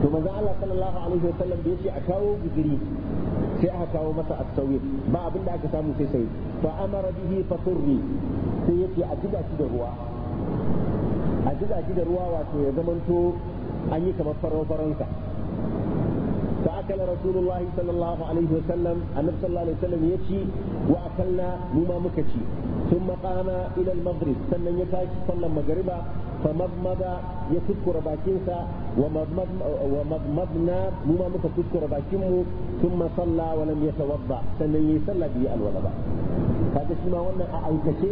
to manzo Allah sallallahu alaihi wa sallam da yace a kawo guzuri sai aka kawo masa asawir ba abin da aka samu sai sai fa amara bihi fa turri sai yace a jiga shi da ruwa a jiga shi da ruwa wato ya zamanto an yi kamar farau faransa فأكل رسول الله صلى الله عليه وسلم النبي صلى الله عليه وسلم يشي وأكلنا مما مكشي ثم قام إلى المغرب سنن يتاش صلى مغربا فمضمض يتذكر باكينسا ومضمضنا مما متذكر باكينه ثم صلى ولم يتوضأ سنن يصلى به الوضاء هذا شما وانا أعيكشي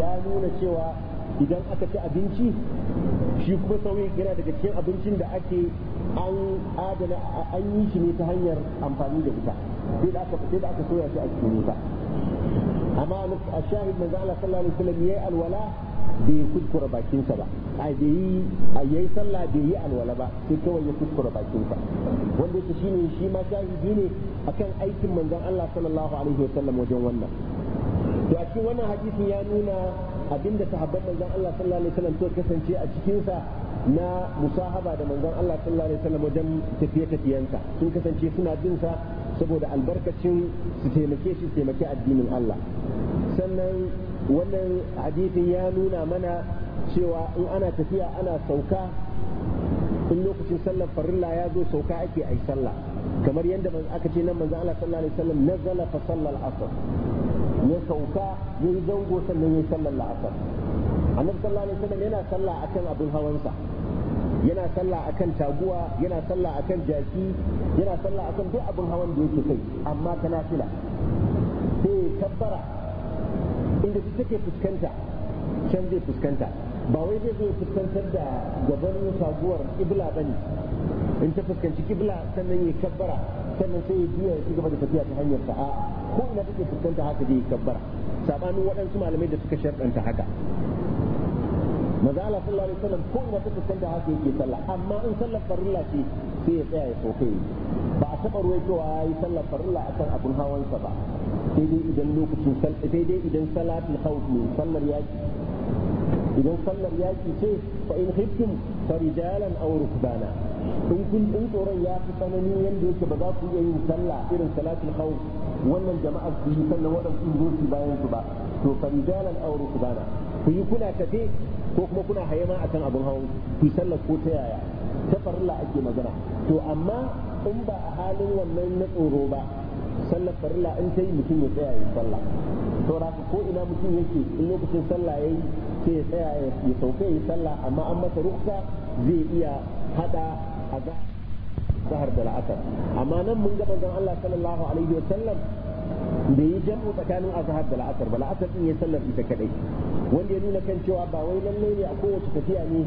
يا نونا شوى idan aka ci abinci shi kuma sauyi yana daga cikin abincin da ake an adana an yi shi ne ta hanyar amfani da wuta sai da aka soya shi a cikin wuta amma a shahid manzo Allah sallallahu alaihi wasallam yayi alwala bai kuskura bakinsa ba a bai yi a yayi sallah bai yi alwala ba sai kawai ya kuskura bakinsa wanda yake shine shi ma shahidi ne akan aikin manzon Allah sallallahu alaihi wasallam wajen wannan to a cikin wannan hadisi ya nuna abinda sahabban manzon Allah sallallahu alaihi wasallam to kasance a cikin sa na musahaba da manzon Allah sallallahu alaihi wasallam wajen tafiye tafiyansa sun kasance suna bin sa saboda albarkacin su taimake shi taimake addinin Allah sannan wannan hadisin ya nuna mana cewa in ana tafiya ana sauka in lokacin sallar farilla ya zo sauka ake ai sallah kamar yadda aka ce nan manzon Allah sallallahu alaihi wasallam nazala fa sallal asr ya sauka yayi zango sannan yayi sallar asr annabi sallallahu alaihi wasallam yana sallah akan abin hawansa yana sallah akan taguwa yana sallah akan jaki yana sallah akan duk abin hawan da yake kai amma ta nafila sai kabbara inda take fuskanta can zai fuskanta ba wai zai zo fuskantar da gaban taguwar kibla bane in ta fuskanci kibla sannan ya kabbara sannan sai ya juya ya gaba da tafiya ta hanyar sa ko ina take fuskanta haka zai kabbara sabanin waɗansu malamai da suka sharɗanta haka maza Allah sallallahu alaihi wasallam ko ina take canza haka yake sallah amma in sallar farilla ce sai ya tsaya ya soke ba a taɓa ruwaitowa ya yi sallar farilla akan abun hawansa ba sai dai idan lokacin sai dai idan salatul khawf ne sallar yaki idan sallar yaki ce fa in khiftum farijalan aw rukbana in kun in tsoron ya fi tsanani yanda yake ba za ku iya yin sallah irin salatul khawf wannan jama'ar su yi sannan waɗansu zo su bayan su ba to farijalan aw rukbana ku yi kuna tafe ko kuma kuna ma akan abin hawan ku sallar ko ta yaya ta farilla ake magana to amma in ba a halin wannan na tsoro ba sallar farilla in ta yi mutum ya tsaya ya sallah to raka ko ina mutum yake in lokacin sallah yayi sai ya tsaya ya sauka ya sallah amma an masa ruksa zai iya hada a zahar da la'asar amma nan mun ga manzon Allah sallallahu alaihi wa sallam da yi jam'u tsakanin azhar da la'asar ba la'asar din ya sallar ita kadai wanda ya nuna kan cewa ba wai lalle ne a kowace tafiya ne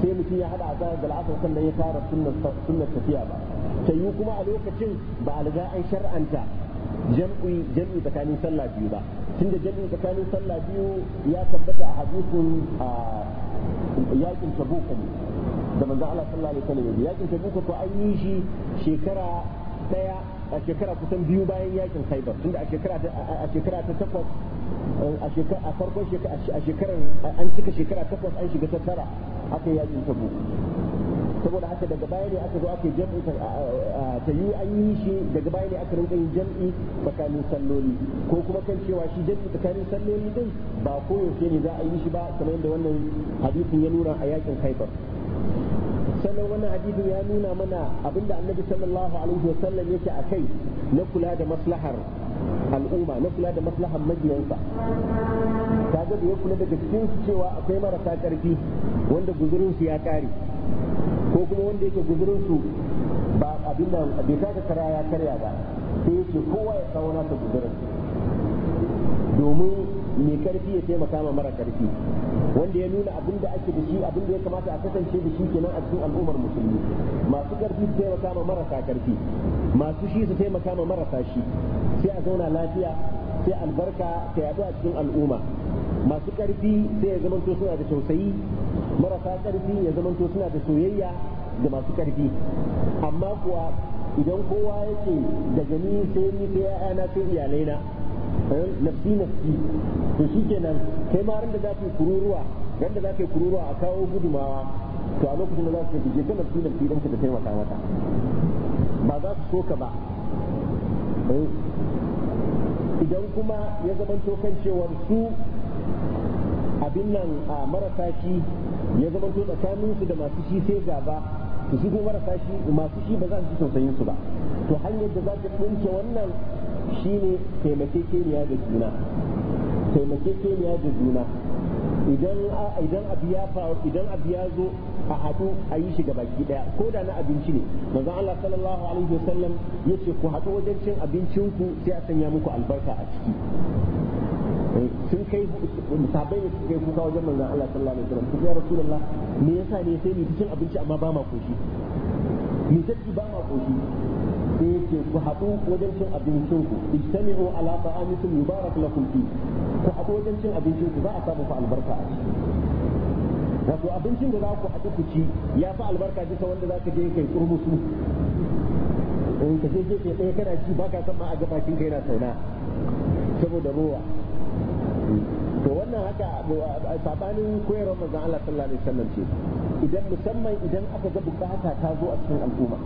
sai mutum ya hada azhar da la'asar sannan ya tara sunnar tafiya ba ta yi kuma a lokacin ba a riga an shar'anta jam'i jam'i tsakanin sallah biyu ba tunda jam'i tsakanin sallah biyu ya tabbata a hadisin yakin tabuk ne da manzo Allah sallallahu alaihi wasallam yakin tabuk ko an yi shi shekara daya a shekara kusan biyu bayan yakin haibar tunda a shekara ta takwas eh, a farkon a shekarar an cika shekara takwas an shiga ta tara aka yakin tabu saboda haka daga baya ne aka zo aka jam'i ta yi an yi shi daga baya ne aka rinka yin jam'i tsakanin salloli ko kuma kan cewa shi jam'i tsakanin salloli dai ba koyaushe ne za a yi shi ba kamar yadda wannan hadisin ya nuna a yakin haifar. sannan wani hadisi ya nuna mana abinda annabi sallallahu alaihi wasallam yake a kai na kula da maslahar al'umma na kula da maslahar majiyansa kaga da ya kula daga cikin cewa akwai marasa karfi wanda guzurin su ya kare ko kuma wanda yake guzurin su ba abin nan bai taka kara ya karya ba sai yake kowa ya kawo nasa guzurin domin mai karfi ya taimaka ma mara karfi wanda ya nuna abin da ake da shi abin da ya kamata a kasance da shi kenan a cikin al'ummar musulmi masu karfi su taimaka ma marasa karfi masu shi su taimaka ma marasa shi sai a zauna lafiya sai albarka ta yaɗu a cikin al'umma masu karfi sai ya zamanto suna da tausayi marasa karfi ya zamanto suna da soyayya da masu karfi amma kuwa idan kowa yake daga ni sai ni sai 'ya'yana sai iyalaina nafsi nafsi to shikenan kai ma da za yi kururuwa wanda da za yi kururuwa a kawo gudumawa to a lokacin da za su tafi ka nafsi nafsi dan ka taimaka mata ba za su so ka ba eh, idan kuma ya zamanto kan cewar su abin nan a marasa shi ya zamanto su da masu shi sai gaba to shi kuma marasa shi masu shi ba za su ji tausayin su ba to hanyar da za ka ɗinke wannan shine taimakekeniya da juna taimakekeniya da juna idan idan abu ya faru idan abu ya zo a haɗu a yi shi baki ɗaya ko da na abinci ne manzon Allah sallallahu alaihi wasallam yace ku haɗu wajen cin abincinku sai a sanya muku albarka a ciki eh, sun kai sahabbai ne kai kuka wajen manzon Allah sallallahu alaihi wasallam suka ya rasulullah me yasa ne sai ni cin abinci amma ba ma koshi ni take ba ma koshi sai yake ku haɗu wajen cin abincin ku ijtami'u ala ta'amikum yubarak lakum fi ku haɗu wajen cin abincin ku za a samu fa albarka a ciki wato abincin da za ku haɗu ku ci ya fa albarka bisa wanda za ka je kai kurmusu in ka je ke ɗaya kana ci ba ka san ma a gabakin kai na sauna saboda ruwa to wannan haka sabanin koyarwar mazan Allah sallallahu alaihi wasallam ce idan musamman idan aka ga bukata ta zo a cikin al'umma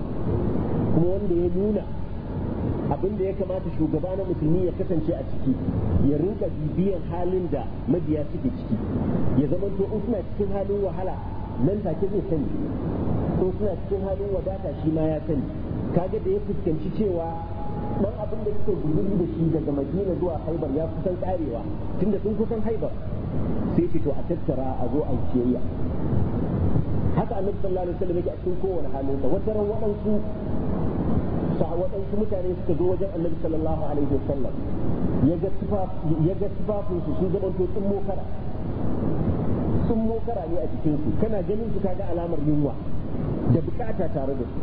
kuma wanda ya nuna abin da ya kamata shugaba na musulmi ya kasance a ciki ya rinka bibiyan halin da mabiya suke ciki ya zama to in suna cikin halin wahala nan take zai sani in suna cikin halin wadata shi ma ya sani kaga da ya fuskanci cewa dan abin da suke guduri da shi daga madina zuwa haibar ya kusan karewa tunda sun kusan haibar sai fito a tattara a zo a ciyayya haka annabi sallallahu alaihi wasallam yake a cikin kowane halin sa wata ran waɗansu waɗansu mutane suka zo wajen annabi sallallahu alaihi wasallam ya ga tufafinsu sun to sun kara sun kara ne a su kana ganin su kaga alamar yunwa da bukata tare da su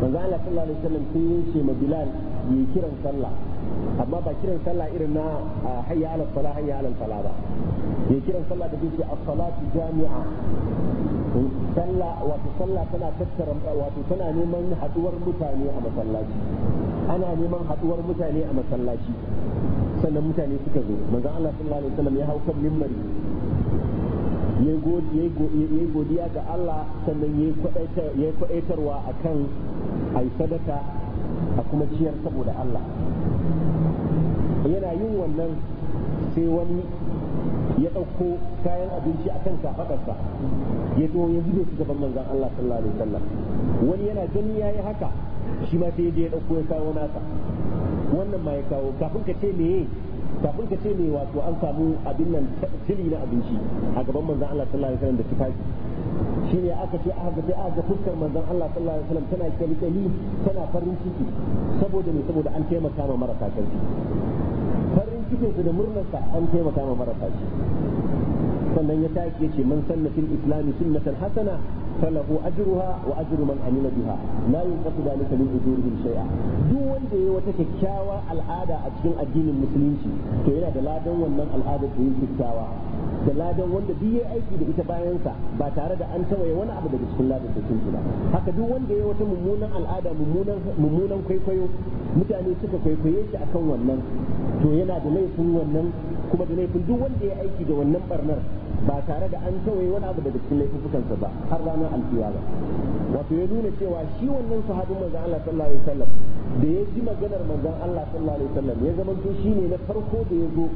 manzo Allah sallallahu alaihi wasallam sai ya ce ma Bilal yi kiran sallah amma ba kiran sallah irin na hayya ala sala hayya ala sala ba ya kiran sallah da yake as-salatu jami'a sallah wato sallah tana tattara wato tana neman haduwar mutane a masallaci ana neman haduwar mutane a masallaci sannan mutane suka zo manzon Allah sallallahu alaihi wasallam ya hau kan minbari ya yi godiya ga Allah sannan ya yi kwaɗaitarwa a kan a yi sadaka a kuma ciyar saboda Allah yana yin wannan sai wani ya ɗauko kayan abinci a kan kafaɗarsa ya zo ya zube su gaban manzan Allah sallallahu alaihi wasallam wani yana gani yi haka shi ma sai ya ɗauko ya kawo nasa wannan ma ya kawo kafin ka ce meye kafin ka ce meye wato an samu abin nan tili na abinci a gaban manzan Allah sallallahu alaihi wasallam da tufafi shine aka ce aka ce aka fuskar manzon Allah sallallahu alaihi wasallam tana kyalkyali tana farin ciki saboda ne saboda an taimaka ma marasa karfi farin cikin su da murnar sa an taimaka ma marasa shi sannan ya taki yace man sanna islami islam sunnatan hasana فله أجرها وأجر من عمل بها لا ينقص ذلك من أجورهم شيئا duk wanda ya wata kyakkyawa al'ada a cikin addinin musulunci to yana da ladan wannan al'adar da yin kyakkyawa da ladan wanda duk ya aiki da ita bayansa ba tare da an tawaye wani abu daga cikin ladan da sun ba haka duk wanda ya wata mummunan al'ada mummunan mummunan kwaikwayo mutane suka kwaikwaye shi akan wannan to yana da laifin wannan kuma da laifin duk wanda ya aiki da wannan barnar ba tare da an tawaye wani abu daga cikin laifukansa ba har ranar ba wato ya nuna cewa shi wannan sahabin manzon Allah sallallahu alaihi wasallam da ya ji maganar manzon Allah sallallahu alaihi wasallam ya zama to ne na farko da ya zo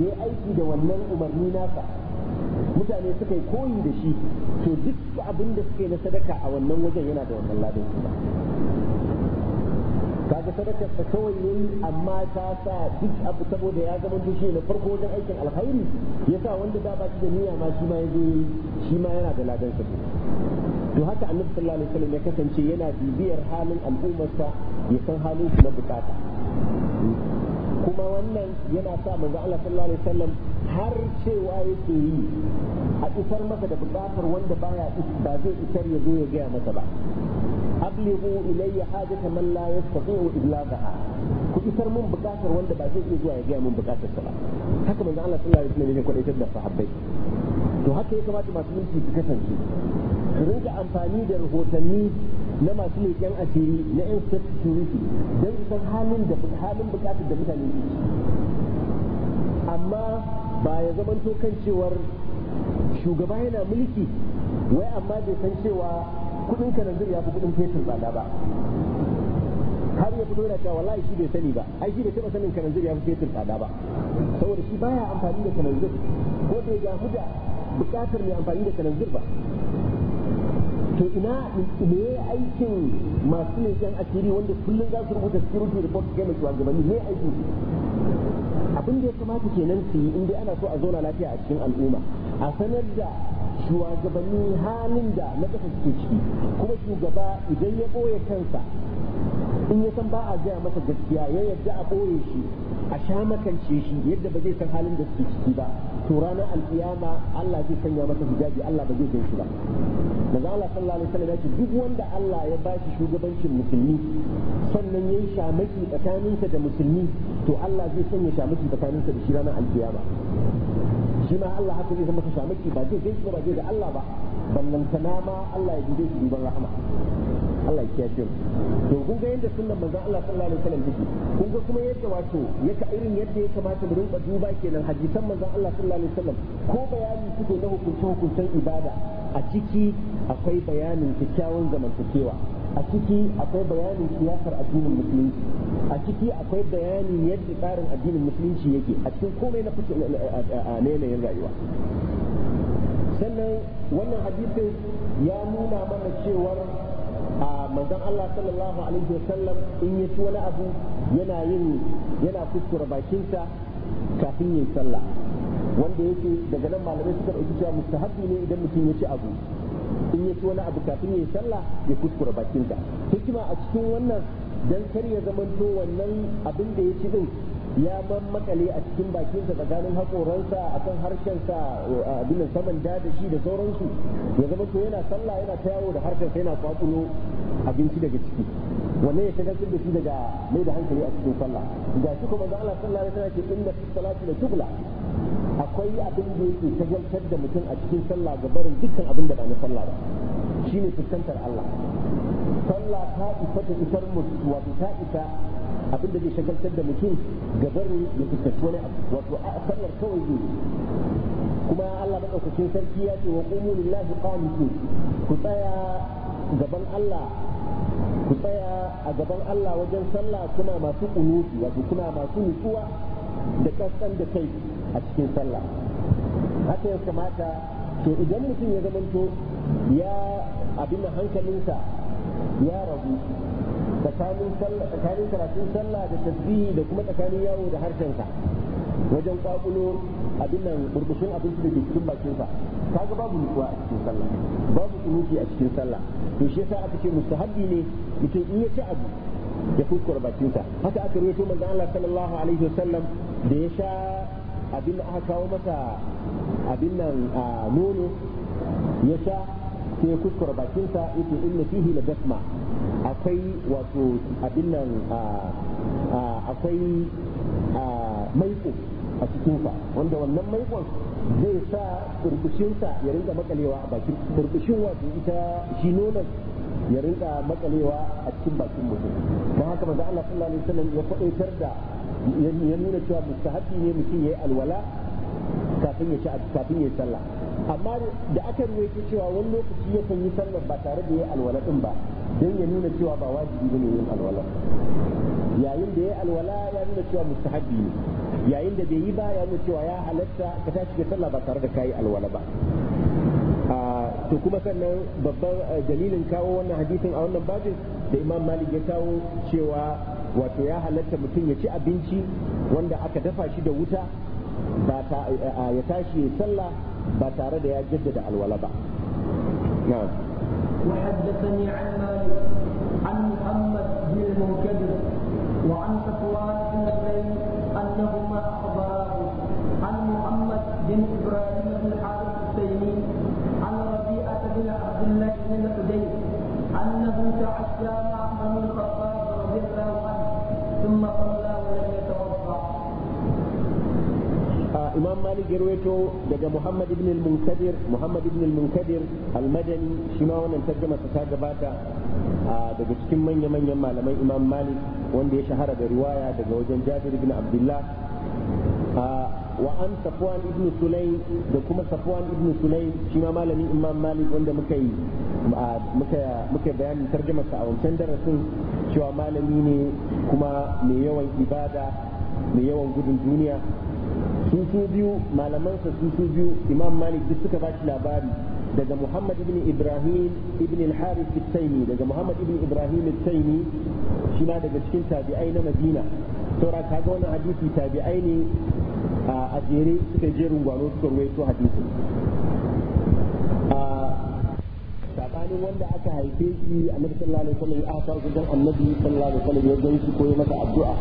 ya aiki da wannan umarni nasa mutane suka yi koyi da shi to duk abin da suka yi na sadaka a wannan wajen yana da wannan ladan kaga sadaka ta kawai yayi amma ta sa duk abu saboda ya zama dushe na farko wajen aikin alkhairi ya sa wanda da ba shi da niyya ma shi ma zo shi ma yana da ladan sa to haka annabi sallallahu alaihi wasallam ya kasance yana bibiyar halin al'ummarsa ya san halin su na bukata kuma wannan yana sa manzo Allah sallallahu alaihi wasallam har cewa yake yi a isar masa da bukatar wanda baya ba zai isar ya zo ya gaya masa ba ablighu ilayya hajata man la yastati'u iblaghaha ku isar mun bukatar wanda ba zai iya zuwa ya gaya mun bukatar sa ba haka manzo Allah sallallahu alaihi wasallam ya kwadaitar da sahabbai to haka ya kamata masu mulki su kasance su rinka amfani da rahotanni na masu leƙen asiri na yan security don san halin da halin bukatar da mutane amma ba ya zamanto kan cewar shugaba yana mulki wai amma bai san cewa kudin kananzir ya fi kudin fetur ba ba har ya fito yana cewa wallahi shi bai sani ba ai shi bai taba sanin kananzir ya fi fetur tsada ba saboda shi baya amfani da kananzir ko bai damu da bukatar mai amfani da kananzir ba to ina me aikin masu leken asiri wanda kullum za su rubuta security report game shugabanni me aikin abin da ya kamata kenan su yi inda ana so a zauna lafiya a cikin al'umma a sanar da shugabanni halin da na ƙasa suke ciki kuma shugaba idan ya ɓoye kansa in ya san ba a gaya masa gaskiya ya yarda a ɓoye shi a sha makance shi yadda ba zai san halin da suke ciki ba to ranar alkiyama Allah zai sanya masa hijabi Allah ba zai gan shi ba manzo Allah sallallahu alaihi wasallam yace duk wanda Allah ya bashi shugabancin musulmi sannan yayi shamaki tsakaninsa da musulmi to Allah zai sanya shamaki tsakaninsa da shi ranar alkiyama shi ma Allah haka zai zama shamaki ba zai gan shi ba zai da Allah ba ballantana ma Allah ya jide su duban rahama Allah ya kiyaye to kun ga yadda sunan manzo Allah sallallahu alaihi wasallam take kun ga kuma yadda wato yaka irin yadda ya kamata mu rinka duba kenan hadisan manzo Allah sallallahu alaihi wasallam ko bayani suke na hukuncin hukuncin ibada a ciki akwai bayanin kyakkyawan zamantakewa a ciki akwai bayanin siyasar addinin musulunci a ciki akwai bayanin yadda tsarin addinin musulunci yake a cikin komai na fice na yanayin rayuwa sannan wannan hadisin ya nuna mana cewar a manzon Allah sallallahu alaihi wasallam in yi ci wani abu yana yin yana kuskura bakinsa kafin yin sallah wanda yake daga nan malamai suka ɗauki cewa mustahabi ne idan mutum ya ci abu in ya ci wani abu kafin ya yi sallah ya kuskura bakinsa hikima a cikin wannan dan kar ya zamanto wannan abin da ya ci din ya makale a cikin bakinsa tsakanin haƙoransa a kan harshensa abin saman da shi da sauransu ya zama to yana sallah yana ta yawo da harshensa yana kwakulo abinci daga ciki wanne ya shagaltar da shi daga mai da hankali a cikin sallah ga shi kuma za ala sallah tana ce inda salatu da tubla akwai abin da yake shagaltar da mutum a cikin sallah ga barin dukkan abin da ba na sallah ba shine fuskantar Allah sallah ta isa ta isar wato ta isa abin da zai shagaltar da mutum ga barin ya fuskanci wani abu wato a sallar kawai zai kuma Allah madaukakin sarki ya ce wa qumu lillahi qanitu ku tsaya gaban Allah ku tsaya a gaban Allah wajen sallah kuna masu kunuti wato kuna masu nutsuwa da kasan da kai a cikin sallah haka ya kamata to idan mutum ya zamanto ya abin hankalinsa ya rabu tsakanin karatun sallah da tasbihi da kuma tsakanin yawo da harshensa wajen kwakulo abin nan burbushin abinci da ke cikin bakinsa kaga babu nutsuwa a cikin sallah babu kunuki a cikin sallah to shi yasa aka ce mustahabbi ne mutum in ya ci abu ya kuskura bakin bakinsa haka aka rawaito manzon Allah sallallahu alaihi wasallam da ya sha abin da aka kawo masa abin nan nono ya sha sai ya kuskura bakinsa yake inna fihi la gasma akwai wato abin nan akwai maiko a cikinsa wanda wannan maikon zai sa kurkushinsa ya rinka makalewa a bakin kurkushin wato ita shi nonon ya rinka makalewa a cikin bakin mutum don haka maza Allah sallallahu alaihi wasallam ya faɗaitar da ya nuna cewa mustahabi ne mutum ya yi alwala kafin ya ci kafin ya sallah amma da aka ruwaito cewa wani lokaci ya yakan yi sallar ba tare da ya alwala din ba don ya nuna cewa ba wajibi bane yin alwala yayin da ya alwala ya nuna cewa mustahabbi ne yayin da bai yi ba ya nuna cewa ya halatta ka tashi shiga sallah ba tare da kayi alwala ba to kuma sannan babban eh, dalilin kawo wannan hadisin a wannan babin da imam malik ya kawo cewa wato ya halatta mutum ya ci abinci wanda aka dafa shi da wuta ba ta eh, ya tashi sallah ba tare جدد على jaddada نعم وحدثني عن مالك عن محمد بن المنكدر وعن صفوان بن انهما اخبراه عن محمد بن ابراهيم بن الحارث التيمي عن ربيعه بن عبد الله بن حديث انه تعشى مع من الخطاب imam malik ya rawaito daga muhammad ibn al-munkadir muhammad ibn al-munkadir al-madani shi ma wannan tarjuma ta gabata daga cikin manya manyan malaman imam malik wanda ya shahara da riwaya daga wajen jabir ibn abdullah wa an safwan ibn sulaim da kuma safwan ibn sulaim shi ma malamin imam malik wanda muka yi muka muka bayanin tarjumar sa a wancan darasin cewa malami ne kuma mai yawan ibada mai yawan gudun duniya su su biyu malamansa su su biyu imam malik duk suka bashi labari daga muhammad ibn ibrahim ibn al-harith al-taymi daga muhammad ibn ibrahim al-taymi shi ma daga cikin tabi'ai na madina saura kaga wannan hadisi tabi'ai ne a jere suka jerin gwano suka ruwaito hadisin a dukkanin wanda aka haife shi a nabi sallallahu alaihi wasallam aka kawo gidan annabi sallallahu alaihi wasallam ya gan ko ya masa addu'a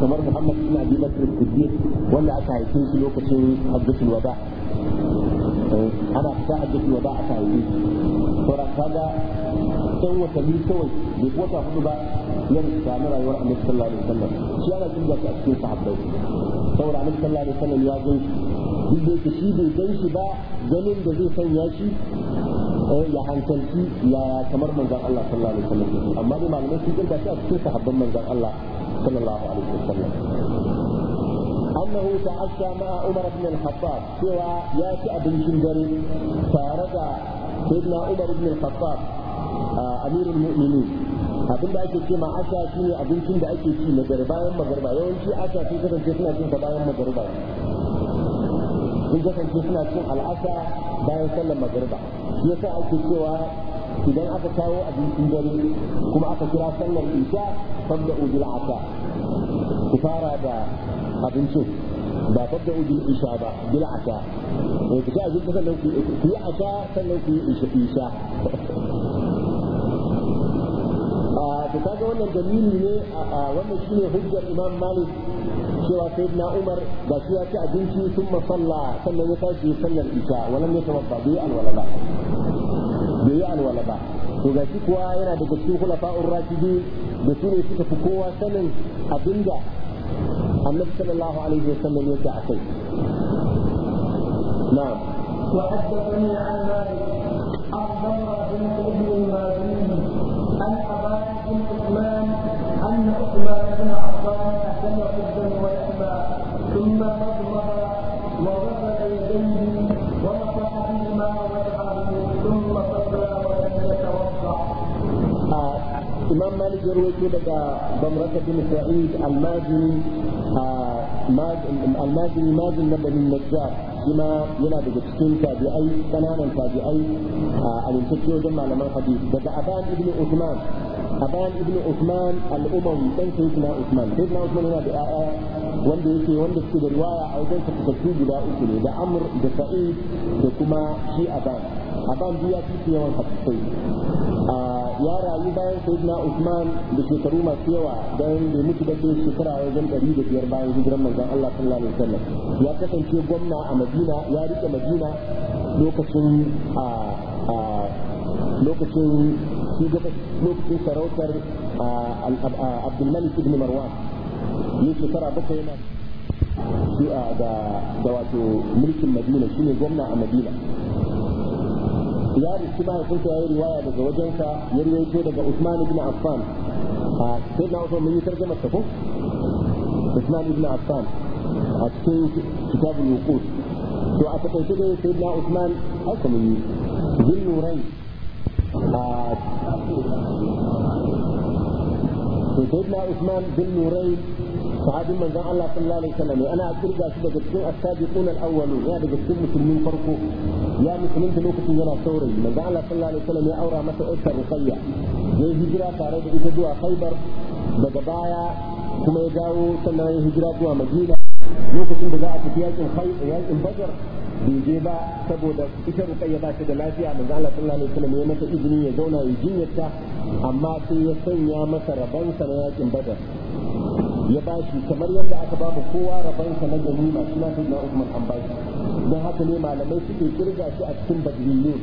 kamar Muhammad ibn Abi Bakr Siddiq wanda aka haife shi lokacin hajjatul wada eh, ana fita hajjatul wada aka haife shi saboda kaga san watanni kawai bai wata hudu ba ya sami rayuwar annabi sallallahu alaihi wasallam shi ana jin da shi a cikin sahabbai saboda annabi sallallahu alaihi wasallam ya gan shi duk da shi bai gan ba ganin da zai sanya shi Eh, ya hankalci ya kamar manzon Allah sallallahu alaihi wasallam amma dai malamai sun kirga shi a cikin sahabban manzon Allah sallallahu alaihi wasallam أنه تعشى مع عمر بن الخطاب سوى ياتي أبن جندري فارد سيدنا عمر بن الخطاب أمير المؤمنين abin da ake ce ma asa shi ne abincin da ake ci na dare bayan magarba yawanci asa sun kasance suna cin sa bayan magarba sun kasance suna cin al'asa bayan sallar magariba shi yasa ake cewa idan aka kawo abincin dare kuma aka kira sallar isha fabda ujul asa ku fara da abincin ba fabda ujul isha ba bil asa eh, ku ci ka sannan ku yi asa sallar ku yi isha Ah, to kaga wannan dalili ne a ah, ah, wannan shine hujjar imam malik cewa sai na umar ba shi ya ci abinci sun masalla sannan ya tashi sallar isha walam ya ba bai alwala ba bai alwala ba to ga shi kuwa yana daga cikin khulafa'ur rashidi da su ne suka fi kowa sanin abinda annabi sallallahu alaihi wasallam yake kai na'am وحدثني عن مالك أخبر أن أبا ان عقبه بن عفان اهتم حبا ونحبا ثم مضمض وغسل يديه ورفع بهما وجهه ثم صلى ولم يتوضا. الامام آه، مالك يروي كده بمرة بن سعيد المازني آه، المازني مازن بن النجار shima yana daga cikin tabi'ai kananan tabi'ai a amintacce wajen malaman hadis daga aban ibn usman aban ibn usman al-umawi dan sayyidina usman sayyidina usman yana da ya'ya wanda yake wanda suke da riwaya a wajen sa guda uku ne da amr da sa'id da kuma shi aban kan biya su yawan hadisai ah, ya rayu bayan na Usman da shekaru masu yawa don bai mutu da ke shekara wajen ɗari da biyar bayan hijiran manzon Allah sallallahu alaihi wasallam ya kasance gwamna a Madina ya rike Madina lokacin a ah, ah, lokacin lokacin sarautar Abdulmalik ibn Marwan ne shekara baka yana da wato mulkin Madina shine gwamna a Madina ya rubuci mahaifinsa ya yi riwaya daga wajensa ya riwayo daga Usman ibn Affan a sai na wato mun yi tarjama ta ko Usman ibn Affan a cikin kitabul wuqut to a takaice dai sai na Usman aka mun yi jin nurai a سيدنا عثمان bin نورين sahabin manzon Allah sallallahu alaihi wasallam ana kirga su daga cikin as-sabiqun al-awwalun ya daga cikin musulmin farko ya musulmin da lokacin yana saurayi manzon Allah sallallahu alaihi wasallam ya aura masa ita Ruqayya ya hijira tare da ita zuwa Khaybar daga baya kuma ya dawo sannan ya hijira zuwa Madina lokacin da za a tafi yakin Khaybar yakin Badr bai je ba saboda ita Ruqayya ba ta da lafiya manzon Allah sallallahu alaihi wasallam ya mata izini ya zauna ya jinyarta amma sai ya sanya masa rabansa na yakin Badr ya ba shi kamar yadda aka ba mu kowa rabansa na ganima shi na sayyidina Usman an ba shi don haka ne malamai suke kirga shi a cikin badriyu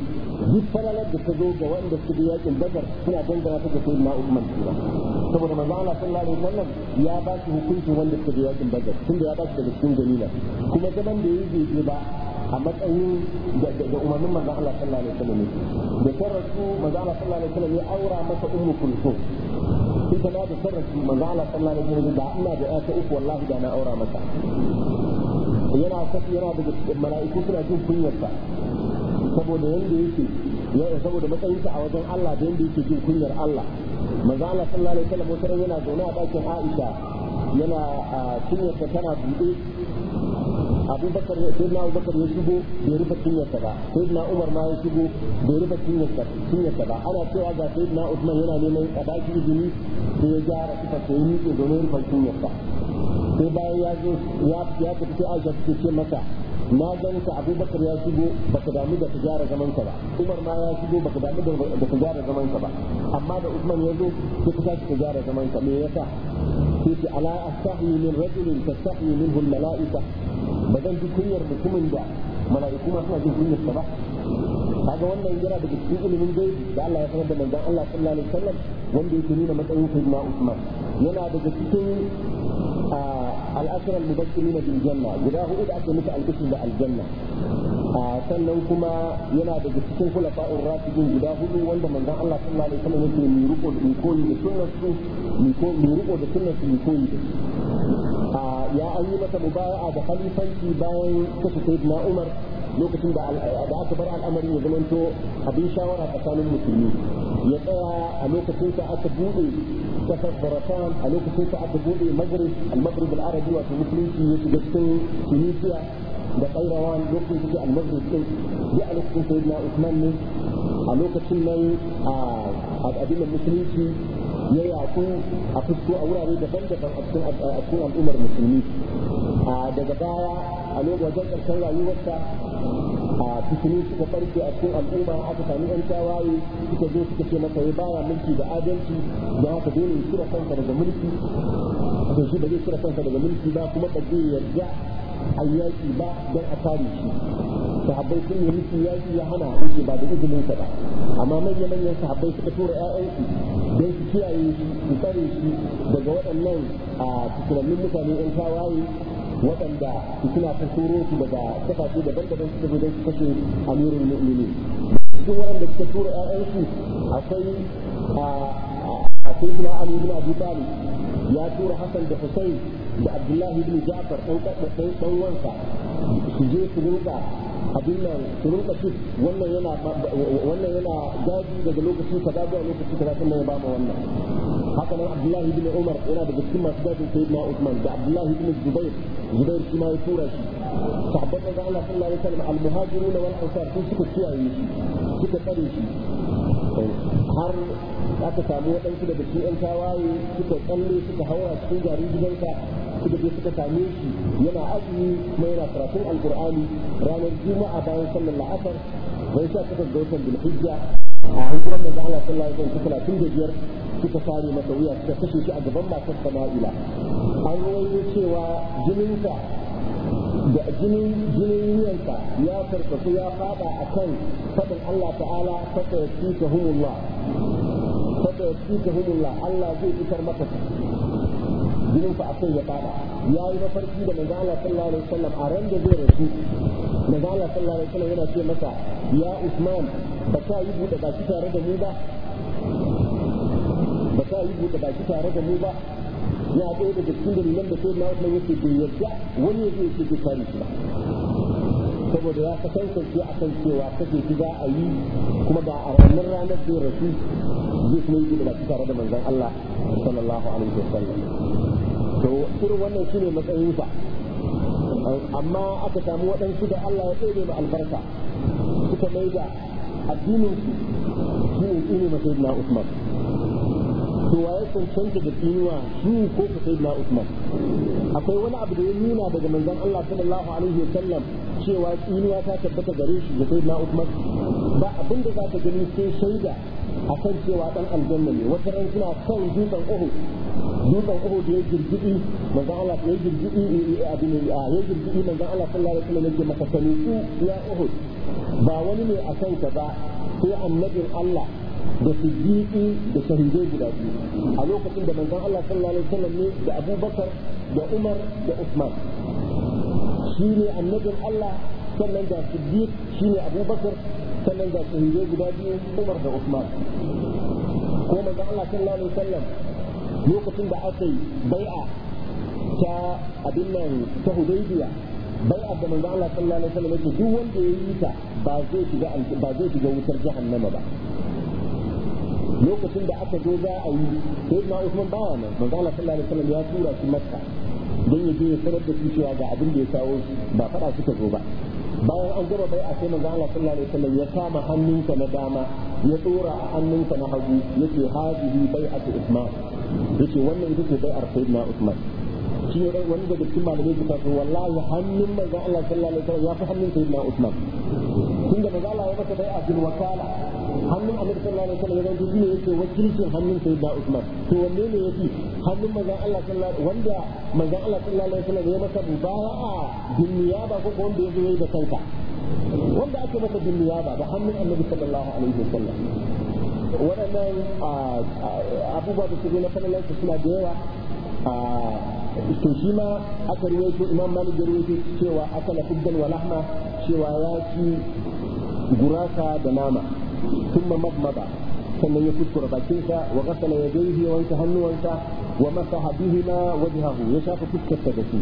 duk falalar da ta zo ga wanda su bi yakin badar suna dangana ta ga sayyidina Usman saboda manzo Allah sallallahu alaihi wasallam ya ba shi hukunci wanda su bi yakin badar tunda ya ba shi daga cikin ganima kuma zaman da yayi bai ba a matsayin da umarnin manzo Allah sallallahu alaihi wasallam da ta rasu manzo Allah sallallahu alaihi wasallam ya aura masa ummu kulsum ita na da sarrafi manzo Allah sallallahu alaihi da ina da ta uku wallahi da na aura mata yana kafi yana da mala'iku suna jin kunyarsa saboda yanda yake saboda a wajen Allah da yanda yake jin kunyar Allah manzo Allah sallallahu alaihi wasallam yana zaune a dakin Aisha yana kunyarsa tana buɗe Abu abubakar sai na abubakar ya shigo bai rufe cinyarsa ba sai na umar ma ya shigo bai rufe cinyarsa ba ana cewa ga sai na usman yana neman a baki izini sai ya gyara suka sai ya miƙe domin rufe cinyarsa sai bayan ya zo ya tafi sai aisha take ce masa na gan ka abubakar ya shigo baka damu da ka gyara zaman ka ba umar ma ya shigo baka damu da ka gyara zaman ka ba amma da usman ya zo sai ka tashi ka gyara zaman ka me yasa sai ala astahi min rajulin tastahi minhu al-mala'ika ba zan ji kunyar mutumin da mala'iku ma suna jin kunyar ta ba kaga wannan yana daga cikin ilimin gaibi da Allah ya sanar da manzon Allah sallallahu alaihi wasallam wanda yake nuna matsayin sayyidina Usman yana daga cikin al'asar al mubashirin bil janna guda hudu da ake al albishin da aljanna sannan kuma yana daga cikin khulafa'ur rashidin guda hudu wanda manzon Allah sallallahu alaihi wasallam yake mi riko da sunnar su mi riko da sunnatu su koyi da يا أي متى مبايعة بخليفة في باين كشف سيدنا عمر لوكتين دا أدعك برع الأمر وزمنتو حبيشة ورا فتان المسلمين يقع لوكتين دا أتبوئي سفر فرسان لوكتين دا أتبوئي مغرب المغرب العربي وفي مسلم في يسجسين تونيسيا بطيروان لوكتين دا المغرب كي يألوك سيدنا عثمان لوكتين دا أدعك آه، المسلم في ya a fusko a wurare daban-daban a cikin al'ummar musulmi daga baya a lokacin ƙarshen rayuwarsa a cikin suka farke a cikin al'umma aka sami yan tawaye suka zo suka ce masa baya mulki da adalci da haka dole ya cire kansa daga mulki to shi ba zai kira kansa daga mulki ba kuma ɗaɗɗe yarda a yaƙi ba don a kare shi sahabbai sun yi musu yaƙi ya hana yake ba da sa ba amma manya manyan sahabbai suka tura su don su kiyaye shi su tsare shi daga waɗannan a tukurannin mutane ƴan tawaye waɗanda suna ta koro su daga kafafe daban-daban suka zo don su kashe amirin mu'minin cikin waɗanda suka tura su akwai سيدنا علي بن ابي طالب يا تور حسن بحسين بعبد الله بن جعفر دان دان وانسا سجي سرنقا abin nan wannan yana gaji daga lokaci kaza zuwa lokaci kaza sannan bama wannan haka nan abdullahi ibn umar yana daga cikin masu gadin sayyidina usman da abdullahi ibn zubair zubair shi ma ya tura shi sahabban da Allah sallallahu alaihi wasallam al-muhajirun wal ansar su suka kiyaye shi suka tsare shi har aka samu waɗansu daga cikin yan tawaye suka tsalle suka haura cikin jari gidanka suka je suka same shi yana azumi kuma yana karatun alkur'ani ranar juma'a bayan sallar la'asar bai sha suka ga watan bilhijja a hukumar da Allah sallallahu alaihi wasallam talatin da biyar suka sare masa wuya suka kashe shi a gaban matar Sama'ila an rawaito cewa jininsa da jinin jinin ya farfasu ya fada akan faɗin Allah ta'ala fa tayyibahumullah fata suka hudunla Allah zai isar maka jinin fa akai ya yi mafarki da manzo Allah sallallahu alaihi wasallam a ran da zai rasu manzo Allah sallallahu alaihi wasallam yana ce masa ya Usman ba ka yi buɗe baki tare da mu ba ba ka yi buɗe baki tare da mu ba ya dalilan da sai na Usman yake bai yarda wani ya zai yake kare shi ba saboda ya kasance a kan cewa kake ki za a yi kuma ga a ranar ranar zai rasu zai kuma yi da baki tare da manzon Allah sallallahu alaihi wasallam to irin wannan shine matsayinsa amma aka samu waɗansu da Allah ya tsere ma albarka suka mai da addinin su shine tsine ma sayyidina Usman to waye cancanta da tsinuwa shi ko ka sayyidina Usman akwai wani abu da ya nuna daga manzon Allah sallallahu alaihi wasallam cewa tsinuwa ta tabbata gare shi da sayyidina Usman ba abin da za ka gani sai shaida a kan cewa ɗan aljanna ne wata ran suna kan dutsen uhud dutsen da ya girgidi manzon Allah ya girgidi eh, eh, eh, abin ya girgidi manzon Allah sallallahu alaihi wasallam yake maka sani ya uhud ba wani ne a ka ba sai annabin Allah da siddiqi da shahidai guda biyu a lokacin da manzon Allah sallallahu alaihi wasallam ne da Abubakar da Umar da Usman shine annabin Allah sannan da siddiq shine Abubakar sannan ga shahidai guda biyu Umar da Usman ko manzo Allah sallallahu alaihi wasallam lokacin da aka yi bai'a ta abin nan ta Hudaybiya bai'a da manzo Allah sallallahu alaihi wasallam yake duk wanda ya yi ta ba zai shiga ba zai shiga wutar jahannama ba lokacin da aka zo za a yi sayyidina Usman bawa nan manzo Allah sallallahu alaihi wasallam ya tura shi Makka don ya je ya sanar da su cewa ga abin da ya kawo ba fada suka zo ba bayan an gama bai a sai manzo Allah sallallahu alaihi wasallam ya kama hannunsa na dama ya tsora a hannunka na hagu yace hazihi bai'atu Usman yace wannan ita ce bai'ar Sayyidina Usman shi ne wani daga cikin malamai suka ce wallahi hannun manzon Allah sallallahu alaihi wasallam ya fi hannun sayyidina Usman manzon Allah ya masa wakala hannun Annabi sallallahu alaihi wasallam ya zanto yake wakilcin hannun Usman to wanne ne yake hannun manzon Allah sallallahu wanda manzon Allah sallallahu alaihi wasallam ya masa ko wanda ya zo da kanka wanda ake masa bin da hannun Annabi sallallahu alaihi wasallam waɗannan ah, ah, abubuwa da su na suna da yawa ah, to shi ma aka ruwaito imam malik ya ruwaito cewa akala hubban wa lahma cewa ya ci gurasa da nama thumma madmada sannan ya kuskura sa wa ghasala yadayhi wa wanke hannuwansa wa masaha bihima wajhahu ya shafa fuskarsa da su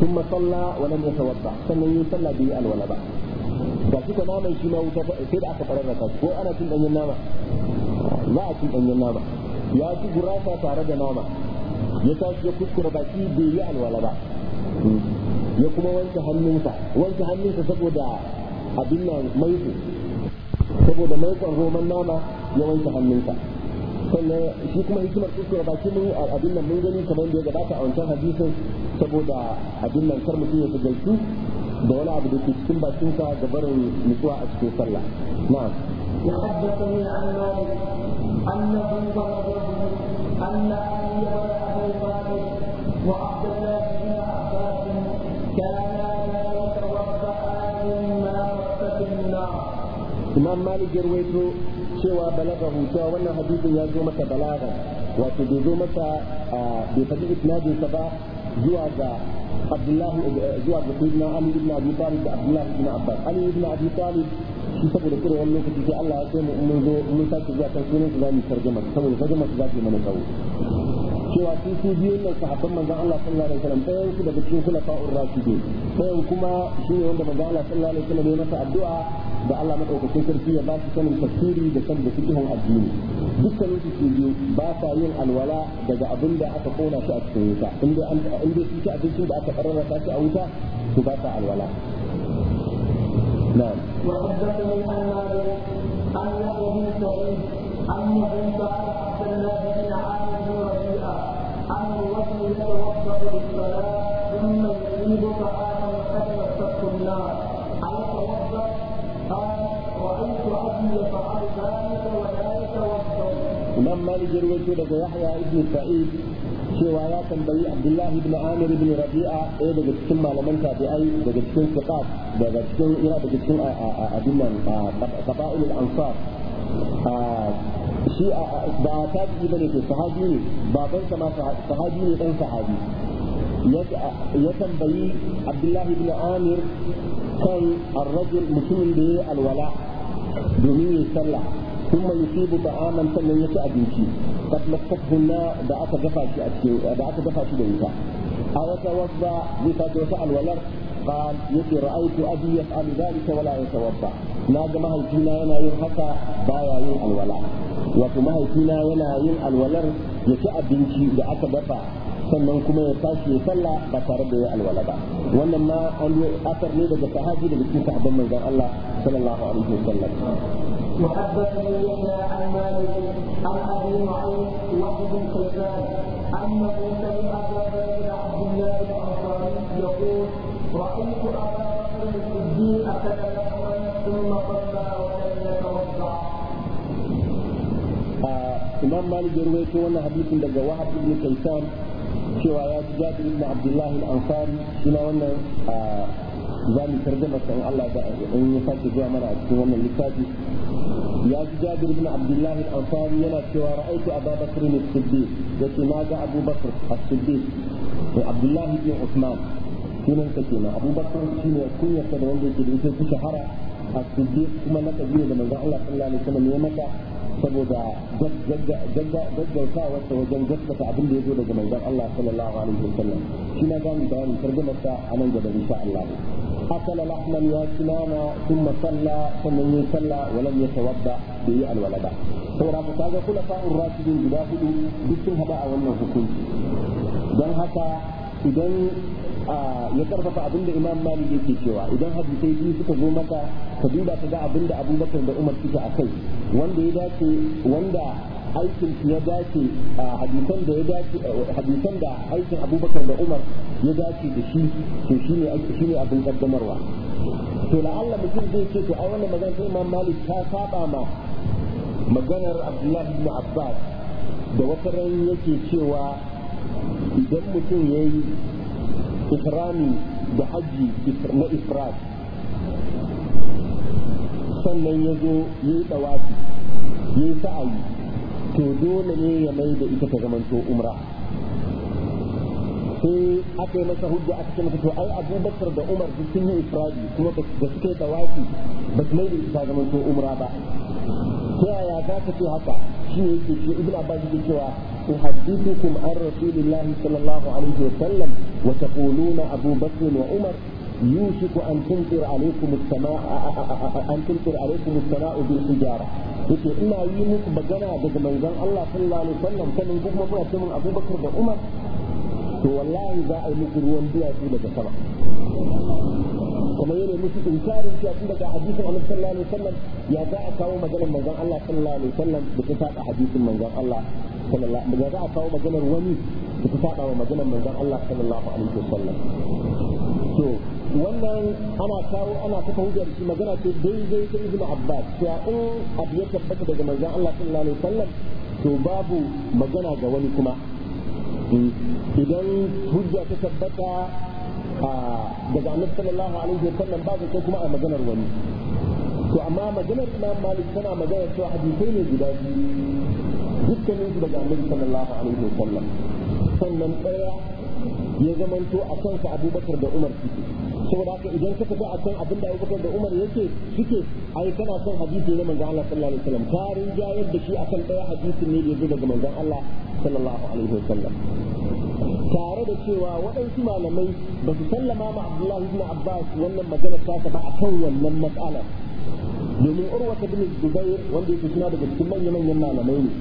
thumma salla wa lam yatawadda sannan ya salla bi alwala ba ga shi naman shi ma wuta sai da aka fararraka ko ana cin danyen nama za a cin danyen nama ya ci gurasa tare da nama ya tashi ya kuskura baki bai yi alwala ba ya kuma wanke hannunsa wanke hannunsa saboda abin nan maiko saboda maikon roman nama ya wanke hannunsa sannan shi kuma hikimar kuskure baki mun abin nan mun gani kamar da ya gabata a wancan hadisin saboda abin nan kar mutum ya shigaltu da wani abu da ke cikin bakinsa da barin nutsuwa a cikin sallah na'am وحدثني عن مالك انه مرض imam malik ya طالب cewa balagahu cewa wannan hadisin ya zo masa balaga wato bai zo masa bai fadi isnadin sa ba zuwa ga عبد الله زواج سيدنا علي بن ابي طالب عبد الله بن عباس علي بن ابي طالب shi saboda kure wani lokaci sai Allah ya kai mu mun zo mun sake zuwa kan sunan su zamu tarjuma saboda tarjuma su zaki mana tsawo cewa su su biyun nan sahabban manzan Allah sallallahu alaihi wasallam ɗayan su daga cikin khulafa'ur rashidin ɗayan kuma shi ne wanda manzan Allah sallallahu alaihi wasallam ya masa addu'a da Allah madaukakin sarki ya ba su sanin tafsiri da sanin fiqhin addini dukkan su su biyu ba sa yin alwala daga abin da aka kona shi a cikin wuta in dai in dai su ci abincin da aka karrara shi a wuta su ba sa alwala نعم وحدثني عن مالك عن ابي سعيد عن ابي سعيد عبد الله بن عامر رضي امام مالك يروي ده يحيى ابن سعيد روايات بي عبد الله بن عامر بن ربيعه ايه ده بتسمى لمن تابعي ده بتسمى ثقات ده بتسمى ايه ده قبائل الانصار آه، shi ba tabi'i bane to sahabi ne baban sa ma sahabi ne dan sahabi ya tambayi Abdullahi ibn Amir kan ar-rajul mutumin da yayi alwala domin ya ya ثم يصيب طعاما sannan ya ci abinci قد مسكته النار da aka dafa shi a cikin da aka dafa shi da wuta a wata wadda zai fata wata alwalar قال يتي رأيت أبي يفعل ذلك ولا يتوضأ ناجم هل فينا ينا ينحكى بايا ينحى الولاء wato mahaifina yana yin alwalar ya ci abinci da aka dafa sannan kuma ya tashi ya salla ba tare da ya alwala ba wannan ma an yi asar ne daga sahabi da cikin sahabban manzon Allah sallallahu alaihi wasallam وحدثني يحيى عن مالك عن ابي معين وحد خزان انه سمع ابا بن عبد الله الانصاري يقول رايت ابا بكر الصديق اكلم imam malik ya rawaito wannan hadisin daga wahab ibn kaysan cewa ya ji jabir ibn abdullah al-ansari ina wannan za mu tarjama san Allah da in ya sake zuwa mana a cikin wannan littafi ya ji jabir ibn abdullah al-ansari yana cewa ra'aytu abubakar as-siddiq yace na ga abubakar as-siddiq da abdullah ibn usman sunan sa kenan abubakar shine kunyarsa da wanda yake da ita shahara as-siddiq kuma na kabila da manzon Allah sallallahu alaihi wasallam ya maka saboda gaggautawa ta wajen gaskata abin da ya zo daga manzon Allah sallallahu alaihi wasallam shi na zamu bayani tarjumar sa a nan gaba insha Allah أكل لحما ياسمانا salla صلى ya يصلى ولم يتوضأ به الولد saboda haka kaga kula fa'ur rashidin guda hudu duk sun hada a wannan hukunci don haka idan ya karfafa abinda imam malik yake cewa idan hadisai biyu suka zo maka ka duba ka ga abinda abubakar da umar suke a kai wanda ya dace wanda aikin ya dace hadisan da ya dace hadisan da aikin abubakar da umar ya dace da shi to shine shine abin kaddamarwa to Allah mutum zai ce to ai wannan magana sai imam malik ta saba ma maganar abdullahi ibn abbas da wata ran yake cewa idan mutum ya yi da hajji na ifrat sannan ya zo ya yi tsawafi ya yi sa'ayi to dole ne ya mai da ita ta zamanto umra sai aka yi masa hujja a cikin masa to ai abubakar da umar su sun yi ifradi kuma da suka yi tsawafi ba su mai da ita ta zamanto umra ba ta yaya za ka ce haka shi ne yake ce ibn abbas yake cewa أحدثكم عن رسول الله صلى الله عليه وسلم وتقولون أبو بكر وعمر يوشك أن تمطر عليكم السماء أن تمطر عليكم السماء بالحجارة yake ina yi muku magana daga manzon Allah sallallahu alaihi wasallam sanin kuma kuna ce mun Abu Bakar da Umar to wallahi za a yi muku ruwan duwatsu daga sama kuma yana musu inkarin cewa tun daga hadisin Annabi sallallahu alaihi wasallam ya za a kawo maganar manzon Allah sallallahu alaihi wasallam da ta saba hadisin manzon Allah sallallahu alaihi wasallam a kawo maganar wani da ta saba wa maganar manzon Allah sallallahu alaihi wasallam to wannan ana kawo ana kafa hujjar shi magana ce daidai ta ibnu abbas cewa in abu ya tabbata daga manzon Allah sallallahu alaihi wasallam to babu magana ga wani kuma hmm. idan hujja ta tabbata daga annabi sallallahu alaihi wasallam babu ko kuma a maganar wani to amma maganar imam malik tana magana cewa hadisai ne guda biyu dukkanin su daga annabi sallallahu alaihi wasallam sannan daya ya zamanto a kansa abubakar da umar suke saboda haka idan ka tafi a kan abin da abubakar da umar yake suke ai kana son hadisi ne manzon Allah sallallahu alaihi wasallam tarin jayar da shi akan daya hadisi ne da daga manzon Allah sallallahu alaihi wasallam tare da cewa waɗansu malamai ba su sallama ma Abdullahi ibn Abbas wannan magana ta ba akan wannan matsalar domin urwa ta bin zubair wanda yake suna daga cikin manya-manyan malamai ne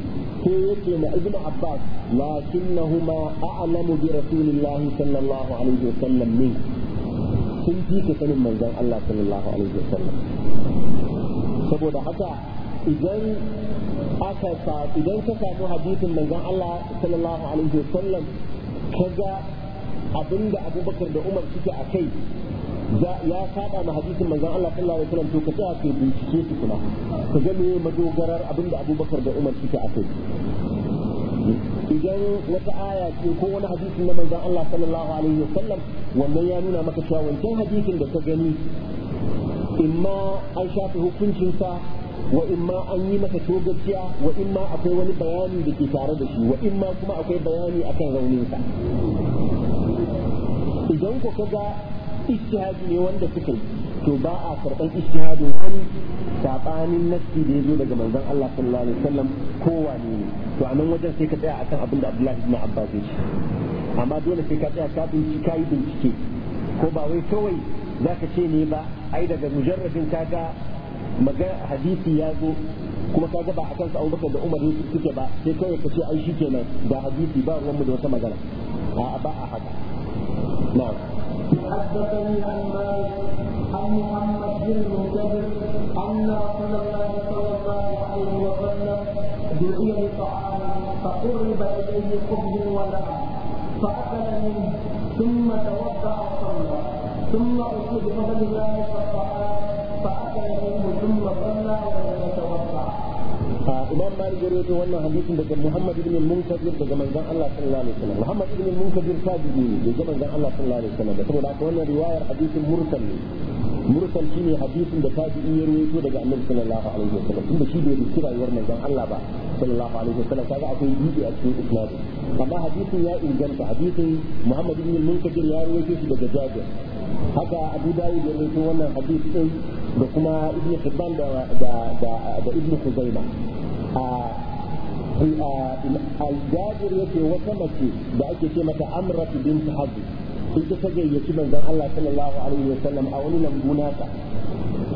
sai yake na ibnu abbas lakinnahuma a'lamu bi rasulillahi sallallahu alaihi wa wasallam min sun fi ka sanin manzon Allah sallallahu alaihi wa wasallam saboda haka idan aka sa idan ka samu hadisin manzon Allah sallallahu alaihi wa wasallam kaga abinda Abubakar da Umar suke a kai ya saba ma hadisin manzon Allah sallallahu alaihi wasallam to ka tsaya ka bincike su kuma ka ga me madogarar abinda Abubakar da Umar suke a kai idan wata aya ce ko wani hadisi na manzon Allah sallallahu alaihi wasallam wannan ya nuna maka cewa wancan hadisin da ka gani imma an shafe sa wa imma an yi masa togaciya wa imma akwai wani bayani da ke tare da shi wa imma kuma akwai bayani akan rauninsa idan ku kaga ijtihadi ne wanda suke yi to ba a karɓar ijtihadin wani sabanin nassi da yazo daga manzon Allah sallallahu alaihi wasallam kowane ne to a nan wajen sai ka tsaya akan abin da Abdullahi ibn Abbas ya ce amma dole sai ka tsaya ka bincike ka yi bincike ko ba wai kawai zaka ce ne ba ai daga ka kaga maga hadisi ya zo kuma ka ga ba a kansa abubakar da umar yusuf suke ba sai kawai ka ce ai shi kenan ga hadisi ba ruwanmu da wata magana a ba a haka na'am حدثني عن مالك عن محمد بن المنتظر ان رسول الله صلى الله عليه وسلم دعي لطعام فقرب اليه خبز ولحم فاكل منه ثم توضا وصلى ثم اصيب بفضل الله فاكل منه ثم صلى ولم يتوضا imam malik ya rawaito wannan hadisin daga muhammad ibn al-munkadir daga manzon Allah sallallahu alaihi wasallam muhammad ibn al-munkadir tabi'i ne daga manzon Allah sallallahu alaihi wasallam da saboda haka wannan riwayar hadisin mursal ne mursal shine hadisin da tabi'i ya rawaito daga annabi sallallahu alaihi wasallam tunda shi bai rubuta rayuwar manzon Allah ba sallallahu alaihi wasallam kaga akwai dubi a cikin isnadin amma hadisin ya inganta hadisin muhammad ibn al-munkadir ya rawaito shi daga jabir haka abu dawud ya rawaito wannan hadisin da kuma ibn hibban da da da ibn khuzaimah al yake wata mace da ake ce mata amratu bint hazz ita ta gayyaci manzon Allah sallallahu alaihi sallam a wani lambu nata,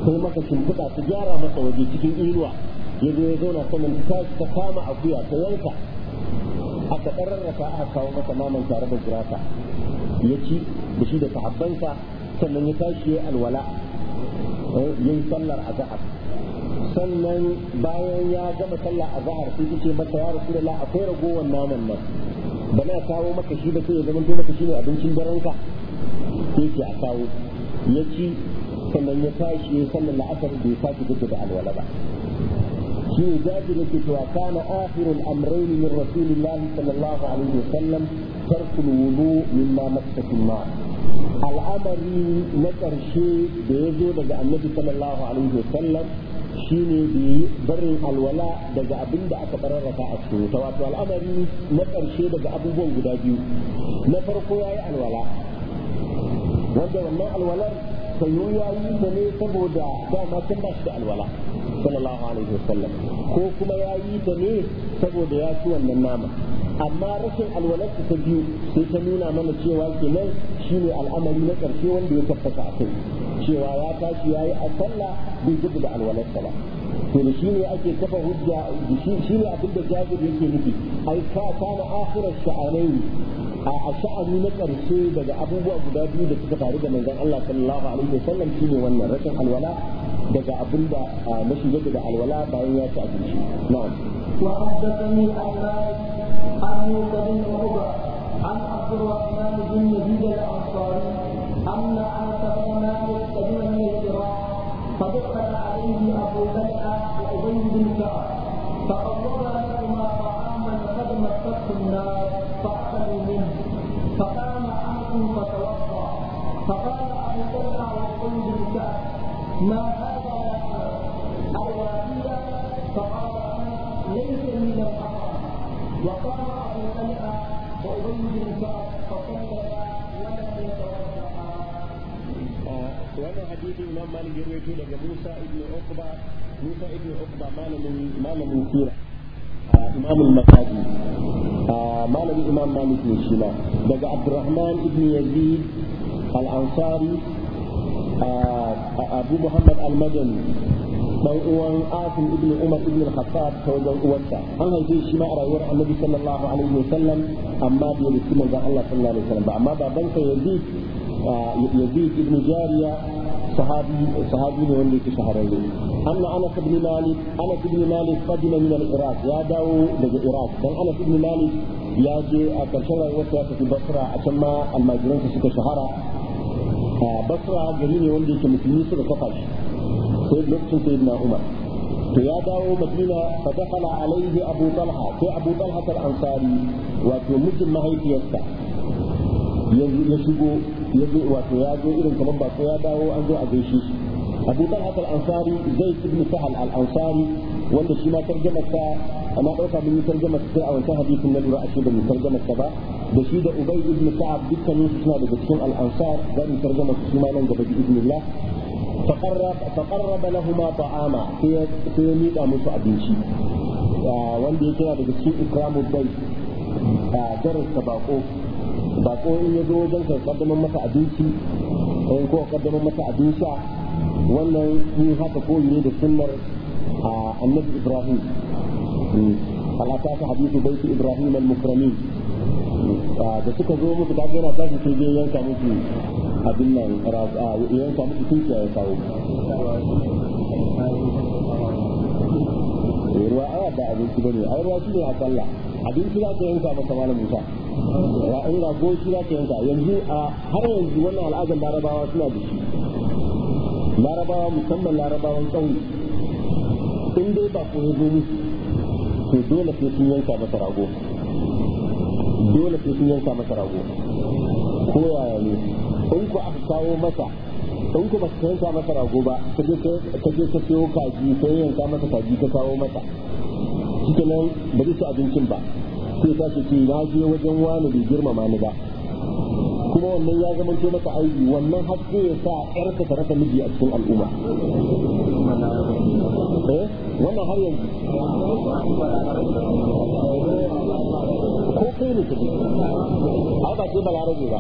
sai maka shimfiɗa ta gyara masa waje cikin inuwa ya zo ya zauna saman ta ta kama akuya ta yanka aka ɗararrafa aka kawo masa naman tare da gurasa ya ci da shi da sahabbansa sannan ya tashi ya alwala ya eh, yi sallar azahar sannan bayan ya gama sallah a zahar sai yace masa ya rasu da rasulullah akwai ragowar naman nan ba na kawo maka shi ba sai ya zama maka shi ne abincin daranka. ka sai a kawo ya ci sannan ya tashi ya sallar la'asar bai sake gudu da alwala ba shi ne da ke cewa kana akhirul amrayni min rasulillah sallallahu alaihi wasallam tarkul wudu mimma massatullah al'amari na karshe da ya zo daga annabi sallallahu alaihi wasallam shine yi barin alwala daga abin da aka bararraka a cikin wuta wato al'amari na ƙarshe daga abubuwan guda biyu na farko ya yi alwala wanda wannan alwalar sayo ya yi ta ne saboda dama sun ba shi da alwala sallallahu alaihi wasallam ko kuma ya yi ta ne saboda ya ci wannan nama amma rashin alwalar ta biyu sai ta nuna mana cewa kenan shine al'amari na ƙarshe wanda ya tabbata a kai cewa ya tashi yayi a sallah bai zubi da alwalar ba to da shi ne ake kafa hujja shi ne abin da jabir yake nufi ai ka kana akhirar sha'anai a sha'ani na karshe daga abubuwa guda biyu da suka faru da manzon Allah sallallahu alaihi wasallam shine wannan rashin alwala daga abin da na shige da alwala bayan ya ci abinci na'am وحدثني العباس عن موسى بن عقبه عن عبد الرحمن بن يزيد الانصاري ان انس بن مالك 同志们，把这个 hadisi imam malik ya rawaito daga musa ibn uqba musa ibn uqba malamin malamin sira imam al-maqadi malamin imam malik shi ma daga abdurrahman ibn yazid al-ansari abu muhammad al dan uwan asim ibn umar ibn al-khattab ta wajen uwarsa an haife shi ma a rayuwar annabi sallallahu alaihi wasallam amma bai riski manzon Allah sallallahu alaihi wasallam ba amma babansa yazid yazid ibn jariya sahabi sahabi ne wanda yake shahararre anna anas ibn malik anas ibn malik qadima ya dawo daga iraq dan anas ibn malik ya je a karshen rayuwarsa ya tafi basra a can ma almajiransa suka shahara basra gari ne wanda yake musulmi suka kafa shi sai lokacin sayyidina umar to ya dawo madina fa dakhala alaihi abu sai abu talha ansari wato mijin mahaifiyarsa ya shigo ya zo wato ya zo irin kamar ba ko ya dawo an zo a gaishe shi abu talha al-ansari zai ibn sahal al-ansari wanda shi ma tarjama sa amma dauka mun tarjama sa a wancan hadisin na lura ashe da mun tarjama sa ba da shi da ubay ibn sa'ab dukkanin su suna daga cikin al-ansar za mu tarjama su shi ma nan gaba bi idnillah فقرب فقرب لهما طعاما في في ميقا musu abinci ah, wanda yake daga cikin ikramul bayt a ah, darar bako ba ko in ya zo wajen ka kaddamar masa abinci ko kaddamar masa abin sha wannan yin haka koyi ne da sunnar annabi ibrahim halata hmm. ta hadisu baiti ibrahim al-mukrami hmm. ah, da suka zo musu ta gana ta su je yanka musu abin nan ah, yanka musu tukiya ya kawo eh, ruwa aya da abinci bane ai ruwa shi ne a sallah abinci za ka yanka maka malam Musa ra'ayi rago shi za ka yanka yanzu a har yanzu wannan al'adar larabawa suna da shi larabawa musamman larabawan tsawon in dai ba ku zo musu to dole sai sun yanka masa rago dole sai sun yanka masa rago ko yaya ne in ku aka kawo masa in ku ba su yanka masa rago ba ka je ka siyo kaji sai yanka masa kaji ka kawo masa shi nan ba zai ci abincin ba sai ta ce ya je wajen wani bai girmama ni ba kuma wannan ya zama to maka aiki wannan har sai ya sa yarka ta rasa miji a cikin al'umma eh? wannan har yanzu ko kai ne kaji ai ba ce balarabe ba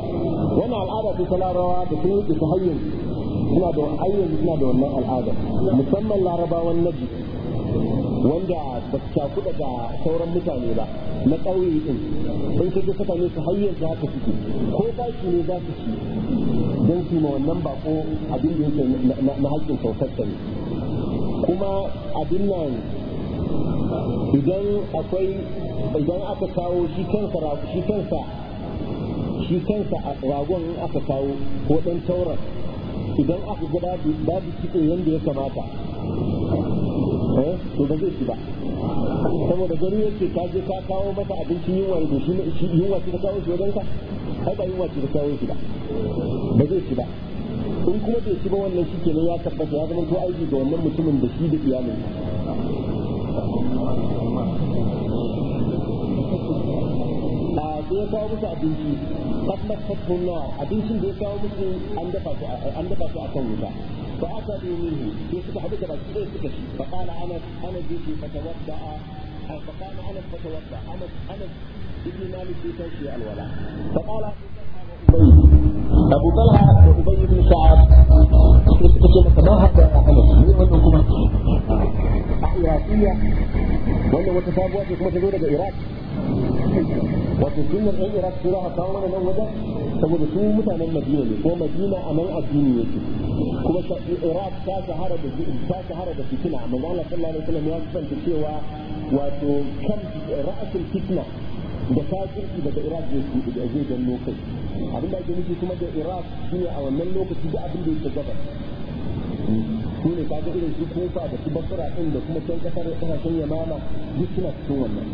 wannan al'ada ce ta larawa da sun yi ta hanyar suna da hanyar suna da wannan al'ada musamman larabawan naji wanda ba su shaku daga sauran mutane ba na ƙauye din in kaje saka ne su hayyar da haka suke ko baki ne za su ci don su ma wannan ko abin da yake na haƙƙin sautarsa ne kuma abin nan idan akwai idan aka kawo shi kansa shi kansa shi kansa a ragon aka kawo ko ɗan tauran idan aka ga babu kitse yadda ya kamata Eh, to ba zai ci ba saboda gani yake ka je ka kawo masa abincin yunwa da shi yunwa ce ta kawo shi wajen ka ai ba yunwa ce ta kawo shi ba ba zai ci ba in kuma bai ci ba wannan shi kenan ya tabbata ya zama ko aiki ga wannan mutumin da shi da iyalin da ya kawo musu abinci tabbat fatfun na abincin da ya kawo musu an dafa su a kan wuta fa aka domin sai suka haɗu da baki ɗaya suka ci fa ƙala anas anas ya ce fatawadda a fa ƙala anas fatawadda anas anas ibn malik ya tashi alwala fa ƙala أبو طلحة وأبي بن سعد يقول ما هذا يا أنس؟ من وينكم أحيا فيا ولا وتفاوضات كما تقول العراق وتتم الأي رأس فيها طالما من هذا تقول سوو متى من مدينة هو مدينة أمان الدينية كما إراد ساسة هرب ساسة هرب في سنة من الله صلى الله عليه وسلم يجب أن تسيوا وكم رأس الفتنة دكاتر في بدأ إراد بأزيد الموقف أبدا جميسي كما جاء إراد فيها أو من الموقف تبقى أبدا يتجبر sune kaga irin su kofa da su bakara din da kuma can kasar ya tana sun yamama duk suna fito wannan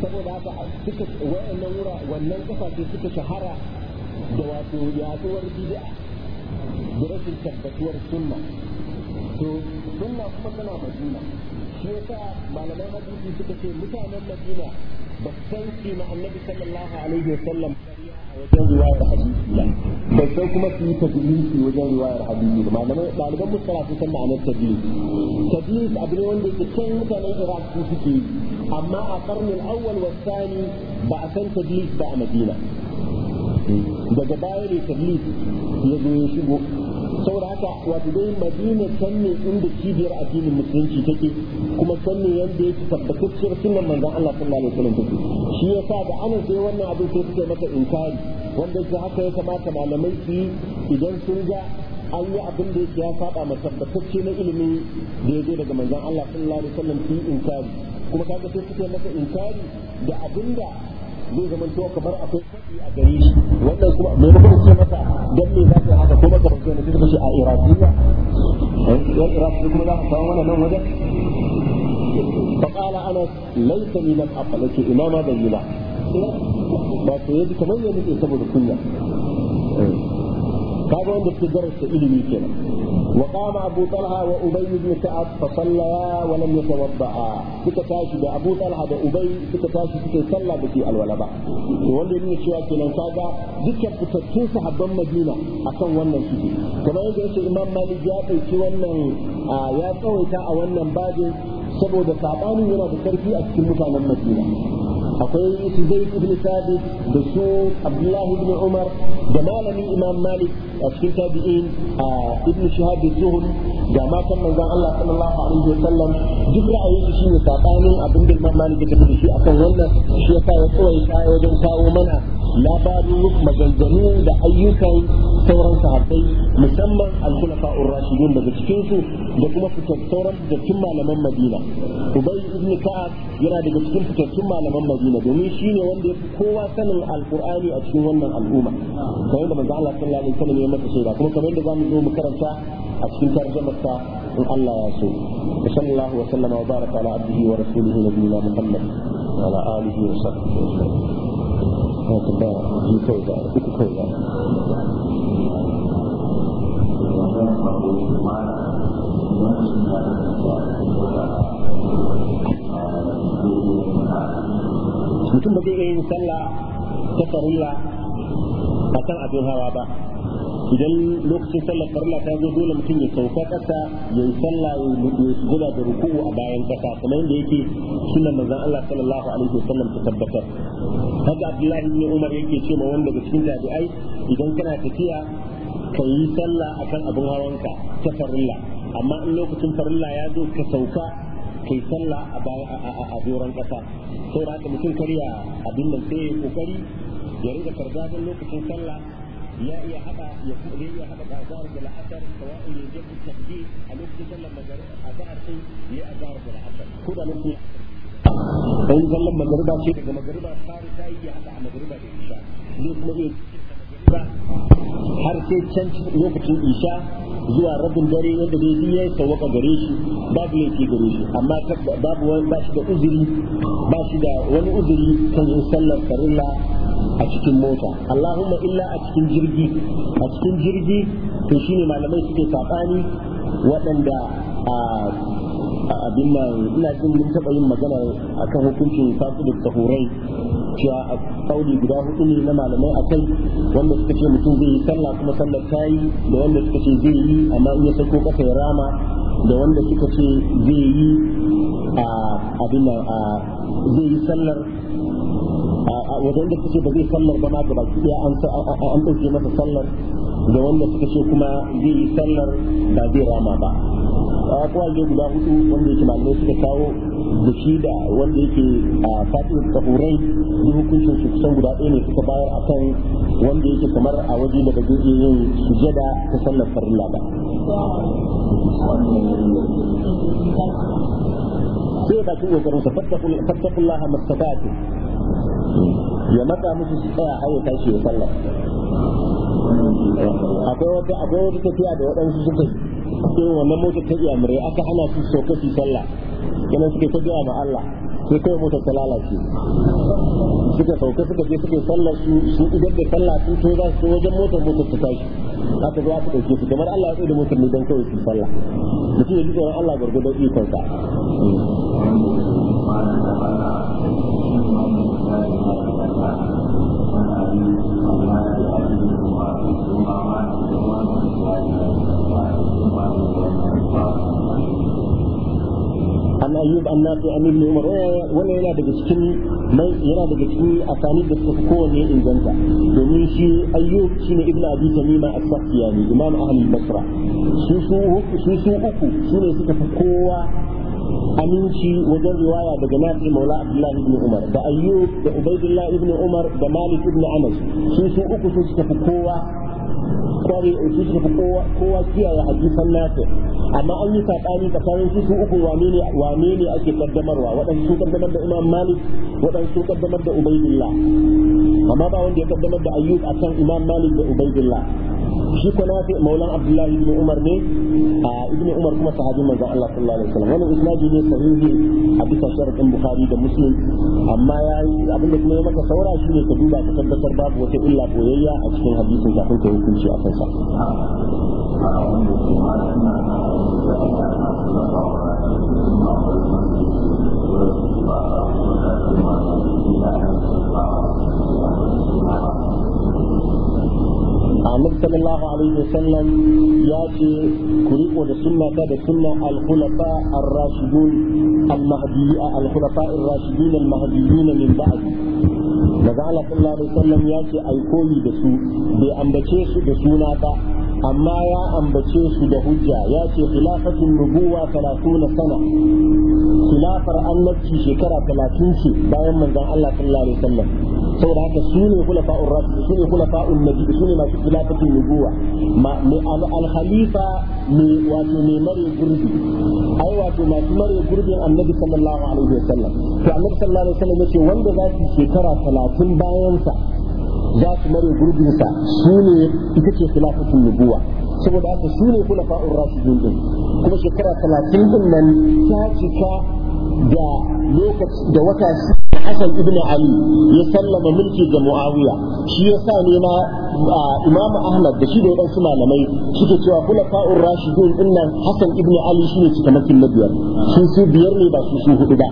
saboda haka suka wayannan wura wannan kafafe suka shahara da wato yaduwar bid'a da rashin tabbatuwar sunna to sunna kuma tana madina shi yasa malaman hadisi suka ce mutanen madina ba san shi na annabi sallallahu alaihi wasallam wajen riwayar hadisi ba bai sai kuma su yi tadlisi wajen riwayar hadisi ba malama ɗaliban mustafa su san ma'anar tadlis tadlis abu ne wanda yake can mutanen iraq su suke amma a karnin awwal wa sani ba a san tadlis ba a madina daga baya ne tadlis ya zo ya shigo saboda haka wato dai madina can ne inda cibiyar addinin musulunci take kuma can ne yanda yake tabbatacciyar sunan manzon Allah sallallahu alaihi wasallam take shi yasa da ana sai wannan abin sai suke maka inkari wanda yake haka ya kamata malamai su yi idan sun ga an yi abin da yake ya saba ma tabbatacce na ilimi da ya zo daga manzon Allah sallallahu alaihi wasallam su yi inkari kuma kaga sai suke maka inkari da abin da. zai zama to kamar akwai kudi a gare shi wannan kuma mai mutum ce masa dan me za ka haka ko maka ban gane sai shi a iradiya yan iradiya kuma za ka samu wannan nan wajen فقال انس ليس من الافضل امام بينا ba to yaji kamar yadda ke saboda kunya kaga wanda suke darasta ilimi kenan wa qama abu talha wa ubay ibn ka'ab fa sallaya wa lam yatawadda'a suka tashi da abu talha da ubay suka tashi suka salla da shi alwala ba to wanda yake cewa kenan kaga dukkan fitattun sahabban madina akan wannan suke kamar yadda yake imam malik ya dauki wannan ya tsawaita a wannan babin saboda sabanin yana da karfi a cikin mutanen madina akwai su zai ibn sabit da su abdullahi ibn umar da malamin imam malik a cikin tabi'in ibn shahab da zuhur ga matan manzon Allah sallallahu alaihi sallam duk ra'ayin su shine sabanin abin da imam malik ya tafi shi akan wannan shi yasa ya tsawai kai wajen kawo mana labarin maganganu da ayyukan sauran sahabbai musamman al-khulafa ar-rashidun daga cikin su da kuma fitattun malaman Madina Ubay ibn Ka'ab yana daga cikin fitattun malaman Madina المسلمين دومين شيني وندي كوا سن القرآن أشين وند الأمة كمان لما زعل صلى الله عليه وسلم يوم تسيرا كم كمان لما زعل يوم كرمتا أشين ترجمة تا الله يسوع وصلى الله وسلم وبارك على عبده ورسوله نبينا محمد وعلى آله وصحبه أجمعين هذا بارك الله فيك mutum ba zai iya yin sallah ta farilla a kan abin hawa ba idan lokacin sallar farilla ta zo dole mutum ya sauka kasa ya yi sallah ya gaba da ruku'u a bayan kasa kamar yadda yake sunan manzon Allah sallallahu alaihi wasallam ta tabbatar haka Abdullahi ibn Umar yake ce ma wanda daga cikin tabi'ai idan kana tafiya ka yi sallah akan abin hawanka ta farilla amma in lokacin farilla ya zo ka sauka kai sallah a a doron kasa sau da haka mutum karya abin da sai kokari ya rika karzazin lokacin sallah ya iya haɗa ya zai iya hada azhar da la'asar sawa'in ya je tafi a lokacin sallar magariba azhar sai ya yi azhar da la'asar ko da lokacin dan sallar magariba ce daga magariba sai ta iya hada a magariba da isha zai kuma iya har sai can lokacin isha zuwa rabin dare wanda dai duk ya sauwaka gare shi babu yake gare shi amma babu wani ba shi da uzuri ba shi da wani uzuri kan yin sallar farilla a cikin mota Allahumma illa a cikin jirgi a cikin jirgi to shine malamai suke sabani waɗanda a abin nan ina jin mun taɓa yin magana akan hukuncin da sahurai cewa a kauli guda hudu ne na malamai a kai wanda suka ce mutum zai yi sallah kuma sallar ta yi da wanda suka ce zai yi amma in ya sako ya rama da wanda suka ce zai yi a abin nan a zai yi sallar wajen da suke ba zai sallar ba ma gaba ɗaya an ɗauke masa sallar da wanda suka so kuma zai yi sallar ba zai rama ba a kowaje guda hudu wanda yake malamai suka kawo da shi da wanda yake a fatin tsakurai da hukuncin su kusan guda ɗaya ne suka bayar a kan wanda yake kamar a waje da ba zai iya yin sujada ta sallar farilla ba sai bakin kokarin sa fattakullaha mastata'tu ya mata musu su tsaya har ya tashi ya sallah akwai wata akwai wata tafiya da waɗansu suka yi wannan motar ta iya mure aka hana su sauka su sallah ganin suke ta gaya ma Allah sai kai motar ta lalace suka sauka suka je suka sallar su su idan da sallah sun to za su wajen motar motar ta tashi aka zo aka dauke su kamar Allah ya tsaye da motar ne don kawai su sallah mutum ya ji tsoron Allah gwargwadon ikonsa ayyub an Amin, ne ibn umar eh, wannan yana daga cikin mai yana daga cikin asani da suka kowanne inganta domin shi ayyub shine ibn abi tamima as-saqiyani imam ahli basra su su su uku su ne suka fi kowa aminci wajen riwaya daga nafi maula abdullahi ibn umar da ayyub da ubaidullah ibn umar da malik ibn anas su su uku su suka fi kowa kware su suka fi kowa kowa kiyaye hadisan amma an yi sabani tsakanin su su uku wane ne wane ne ake kaddamarwa waɗansu sun kaddamar da imam malik waɗansu sun kaddamar da ubaidullah amma ba wanda ya kaddamar da ayyub akan imam malik da ubaidullah shi ko nafi maulan abdullahi ibn umar ne a ibn umar kuma sahabin manzon Allah sallallahu alaihi wasallam wannan isnadi ne sahihi a bisa sharadin bukhari da muslim amma yayi abinda kuma ya maka saura ne ka duba ka tabbatar babu wata illa boyayya a cikin hadisin kafin ka hukunci a kansa Thank you. Ahmad sallallahu alaihi wasallam ya ce ku riko da sunna ta da sunna al-khulafa ar-rashidun al-mahdiyya al-khulafa ar-rashidun al-mahdiyyin min ba'd daga Allah sallallahu alaihi wasallam ya ce ai koyi da su bai ambace su da suna ba amma ya ambace su da hujja ya ce khilafatun nubuwa 30 sana khilafar annabci shekara 30 ce bayan manzon Allah sallallahu alaihi wasallam saboda haka su ne khulafa'ur rasul su ne khulafa'un nabi su ne masu khilafatun nubuwa ma al khalifa ne wato ne mare gurbi ai wato masu mare gurbin annabi sallallahu alaihi wasallam to annabi sallallahu alaihi wasallam ce wanda za su shekara 30 bayan sa za su mare gurbinsa su ne ita ce khilafatul nubuwa saboda haka su ne kula fa'ur rashidun din kuma shekara talatin din nan ta cika da lokaci da wata Hassan ibn Ali ya sallama mulki ga Muawiya shi ya sa ne ma Imam Ahmad da shi da wadansu malamai suke cewa kula fa'ur rashidun din nan Hassan ibn Ali shine cika makin na biyar su su biyar ne ba su su hudu ba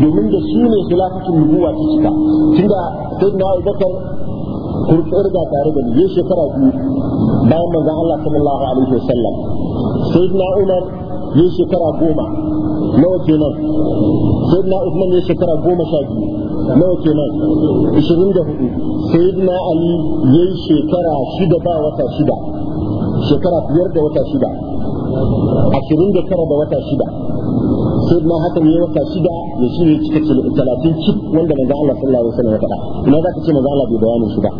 domin da su ne khilafatul nubuwa ta cika tunda sayyidina Abubakar kun tsirga tare da ni shekara biyu bayan manzon Allah sallallahu alaihi wasallam sayyidina Umar ya shekara goma nawa kenan sayyidina Uthman ya shekara goma sha biyu nawa kenan ishirin da hudu sayyidina Ali ya shekara shida ba wata shida shekara biyar da wata shida ashirin da tara da wata shida sai ma hakan yayi wata shida ya shine cika 30 cik wanda manzo Allah sallallahu alaihi wasallam ya faɗa ina ka ce manzo Allah bai bayanin shi ba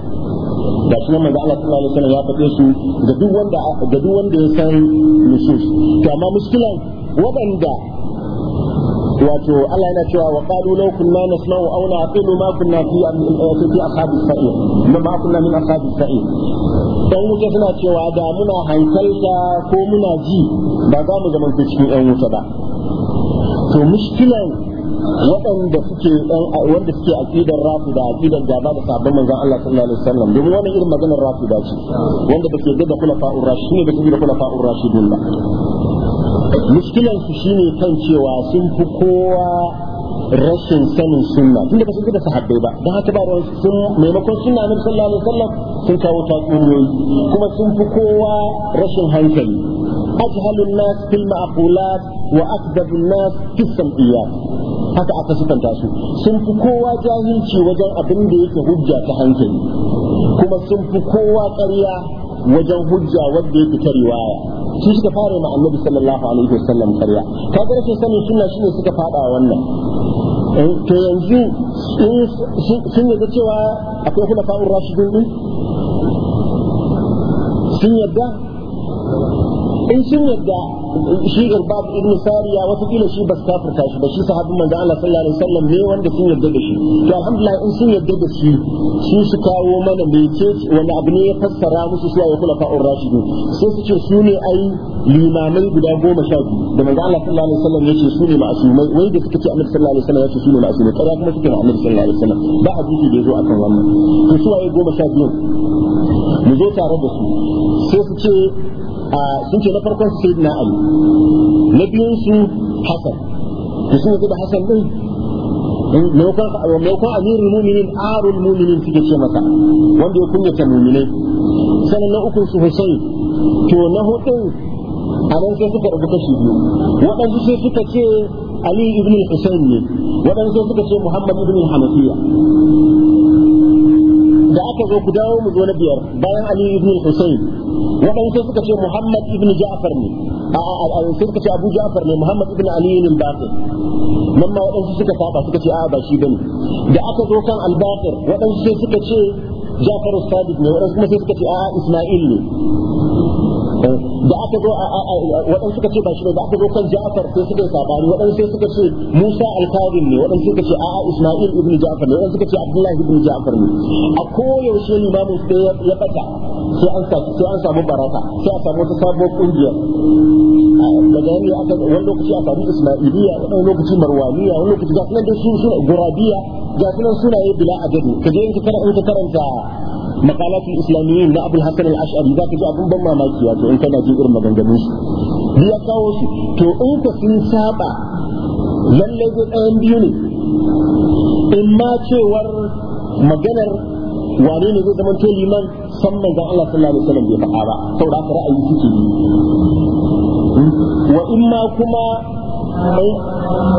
da shi manzo Allah sallallahu alaihi wasallam ya faɗe su ga duk wanda ga duk wanda ya san nusus to amma muskilan waɗanda wato Allah yana cewa wa qalu law kunna nasma'u aw naqilu ma kunna fi eh, fi ashabis sa'ir ma ma kunna min ashabis sa'ir dan wuta suna cewa da muna hankalta ko muna ji ba za mu zama cikin yan wuta ba to mushkilan waɗanda suke wanda suke aqidar rafida aqidar gaba da sabon manzon Allah sallallahu alaihi wasallam domin wannan irin maganar rafida ce wanda bace ga da khulafa'ur rashidin da kuma khulafa'ur rashidin ba mushkilan su shine kan cewa sun fi kowa rashin sanin sunna tunda ba su da sahabbai ba don haka ba ruwan sun maimakon sunna na sallallahu alaihi wasallam sun kawo tatsuniyoyi kuma sun fi kowa rashin hankali أجهل الناس في المعقولات وأكذب الناس في السمعيات haka aka sukanta su sun fi kowa jahilci wajen abin da yake hujja ta hankali kuma sun fi kowa ƙarya wajen hujja wanda yake ta riwaya su suka fara ma annabi sallallahu alaihi wasallam ƙarya kaga rashin sanin sunna shine suka fada wannan to yanzu sun yadda cewa akwai hulafa'ur rashidun din sun yadda in sun yadda shi irbad ibn sariya wata kila shi bas kafirta shi ba shi sahabin manzon Allah sallallahu alaihi wasallam ne wanda sun yadda da shi to alhamdulillah in sun yadda da shi su su kawo mana mece wani abu ne ya fassara musu suwa ya kula fa'ur rashidin sai su ce su ne ai limamai guda goma sha biyu da manzon Allah sallallahu alaihi wasallam yace su ne ma'asumai wai da suka ce annabi sallallahu alaihi wasallam yace su ne ma'asumai kada kuma suke ma annabi sallallahu alaihi wasallam ba hadisi da yazo akan wannan to suwa ya goma sha biyu mu zo tare da su sai su ce sun ce na farkon su sayyidina ali na biyun su hasan to sun da hasan din maimakon amirul muminin arul muminin suke ce masa wanda ya kunyata muminai sannan na uku su hussein to na hudun a nan sai suka rubuta shi biyu waɗansu sai suka ce ali ibn hussein ne waɗansu sai suka ce muhammad ibn hanafiya aka zo ku dawo mu zo na biyar bayan Ali ibn Hussein waɗansu suka ce Muhammad ibn Ja'far ne a a sai suka ce Abu Ja'far ne Muhammad ibn Ali ibn Baqir nan ma waɗansu suka saba suka ce a'a ba shi bane da aka zo kan Al-Baqir waɗansu sai suka ce Ja'far as-Sadiq ne waɗansu kuma sai suka ce a'a Isma'il ne da aka zo waɗansu suka ce ba shi ne da aka zo kan Ja'far sai suka saba sabani waɗansu sai suka ce Musa al-Kazim ne waɗansu suka ce a'a Isma'il ibn Ja'far ne waɗansu suka ce Abdullahi ibn Ja'far ne a koyaushe limamin sai ya bata sai an samu sai an samu baraka sai a samu wata sabuwar kungiya daga yanni aka wani lokaci a samu Isma'iliya wani lokaci Marwaniya wani lokaci ga sunan da su suna Gurabiya ga sunan sunaye bila adadi kaje in ka karanta makalatul islamiyyin na abul hasan al-ash'ari za ka ji abun ban mamaki wato in kana ji irin maganganun shi duk ya kawo su to in ka sun saba lallai dai ɗayan biyu ne in ma cewar maganar wane ne zai zama to liman san manzon Allah sallallahu alaihi wasallam bai faɗa ba saboda haka ra'ayi suke yi wa in ma kuma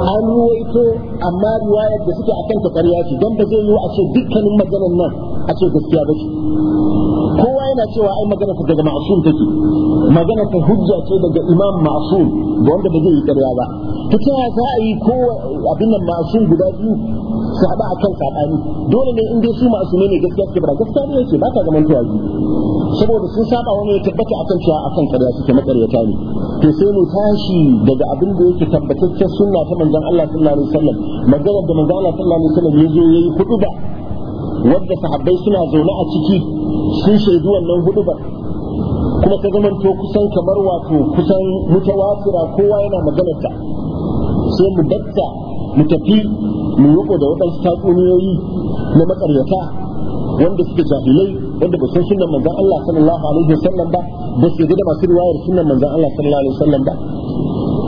an ruwaito amma riwayar da suke akan ta ƙarya ce don ba zai yi a ce dukkanin maganar nan a ce gaskiya ba ce kowa yana cewa ai magana ta daga ma'asum take magana ta hujja ce daga imam ma'asum da wanda ba zai yi ƙarya ba ta ta za a yi ko abin nan ma'asum guda biyu su haɗa kan saɓani dole ne in dai su ma'asume ne gaskiya suke ba gaskiya ne yake ba ta zaman tuwa saboda sun saba wani ya tabbata akan cewa akan ƙarya suke makaryata ne to sai mu tashi daga abin da yake tabbataccen sunna ta manzon Allah sallallahu alaihi wasallam maganar da manzo sallallahu alaihi wasallam yazo yayi huduba wanda sahabbai suna zaune a ciki sun shaidu wannan hudubar kuma ta zama to kusan kamar wato kusan mutawatira kowa yana maganar ta sai mu datta mu tafi mu riko da waɗansu tatsuniyoyi na makaryata wanda suke jahilai wanda ba san sunan manzon Allah sallallahu alaihi wasallam ba ba su da masu riwayar sunan manzon Allah sallallahu alaihi wasallam ba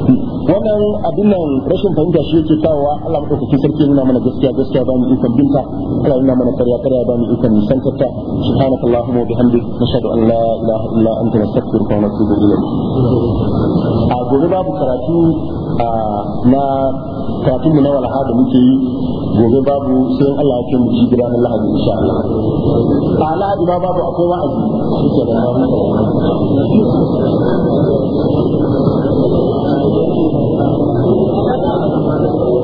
ciki wannan abin rashin fahimta shi yake kawowa Allah madaukaki sarki nuna mana gaskiya gaskiya ba mu ikon binta Allah nuna mana karya karya ba mu ikon nisantar ta subhanakallahumma wa bihamdik nashhadu an la ilaha illa anta nastaghfiruka wa natubu ilayk a gobe babu karatu na karatu mu na walaha da muke yi gobe babu sai Allah ya kai mu ji gida nan lahadi insha Allah a lahadi ma babu akwai wa'azi shike da Allahu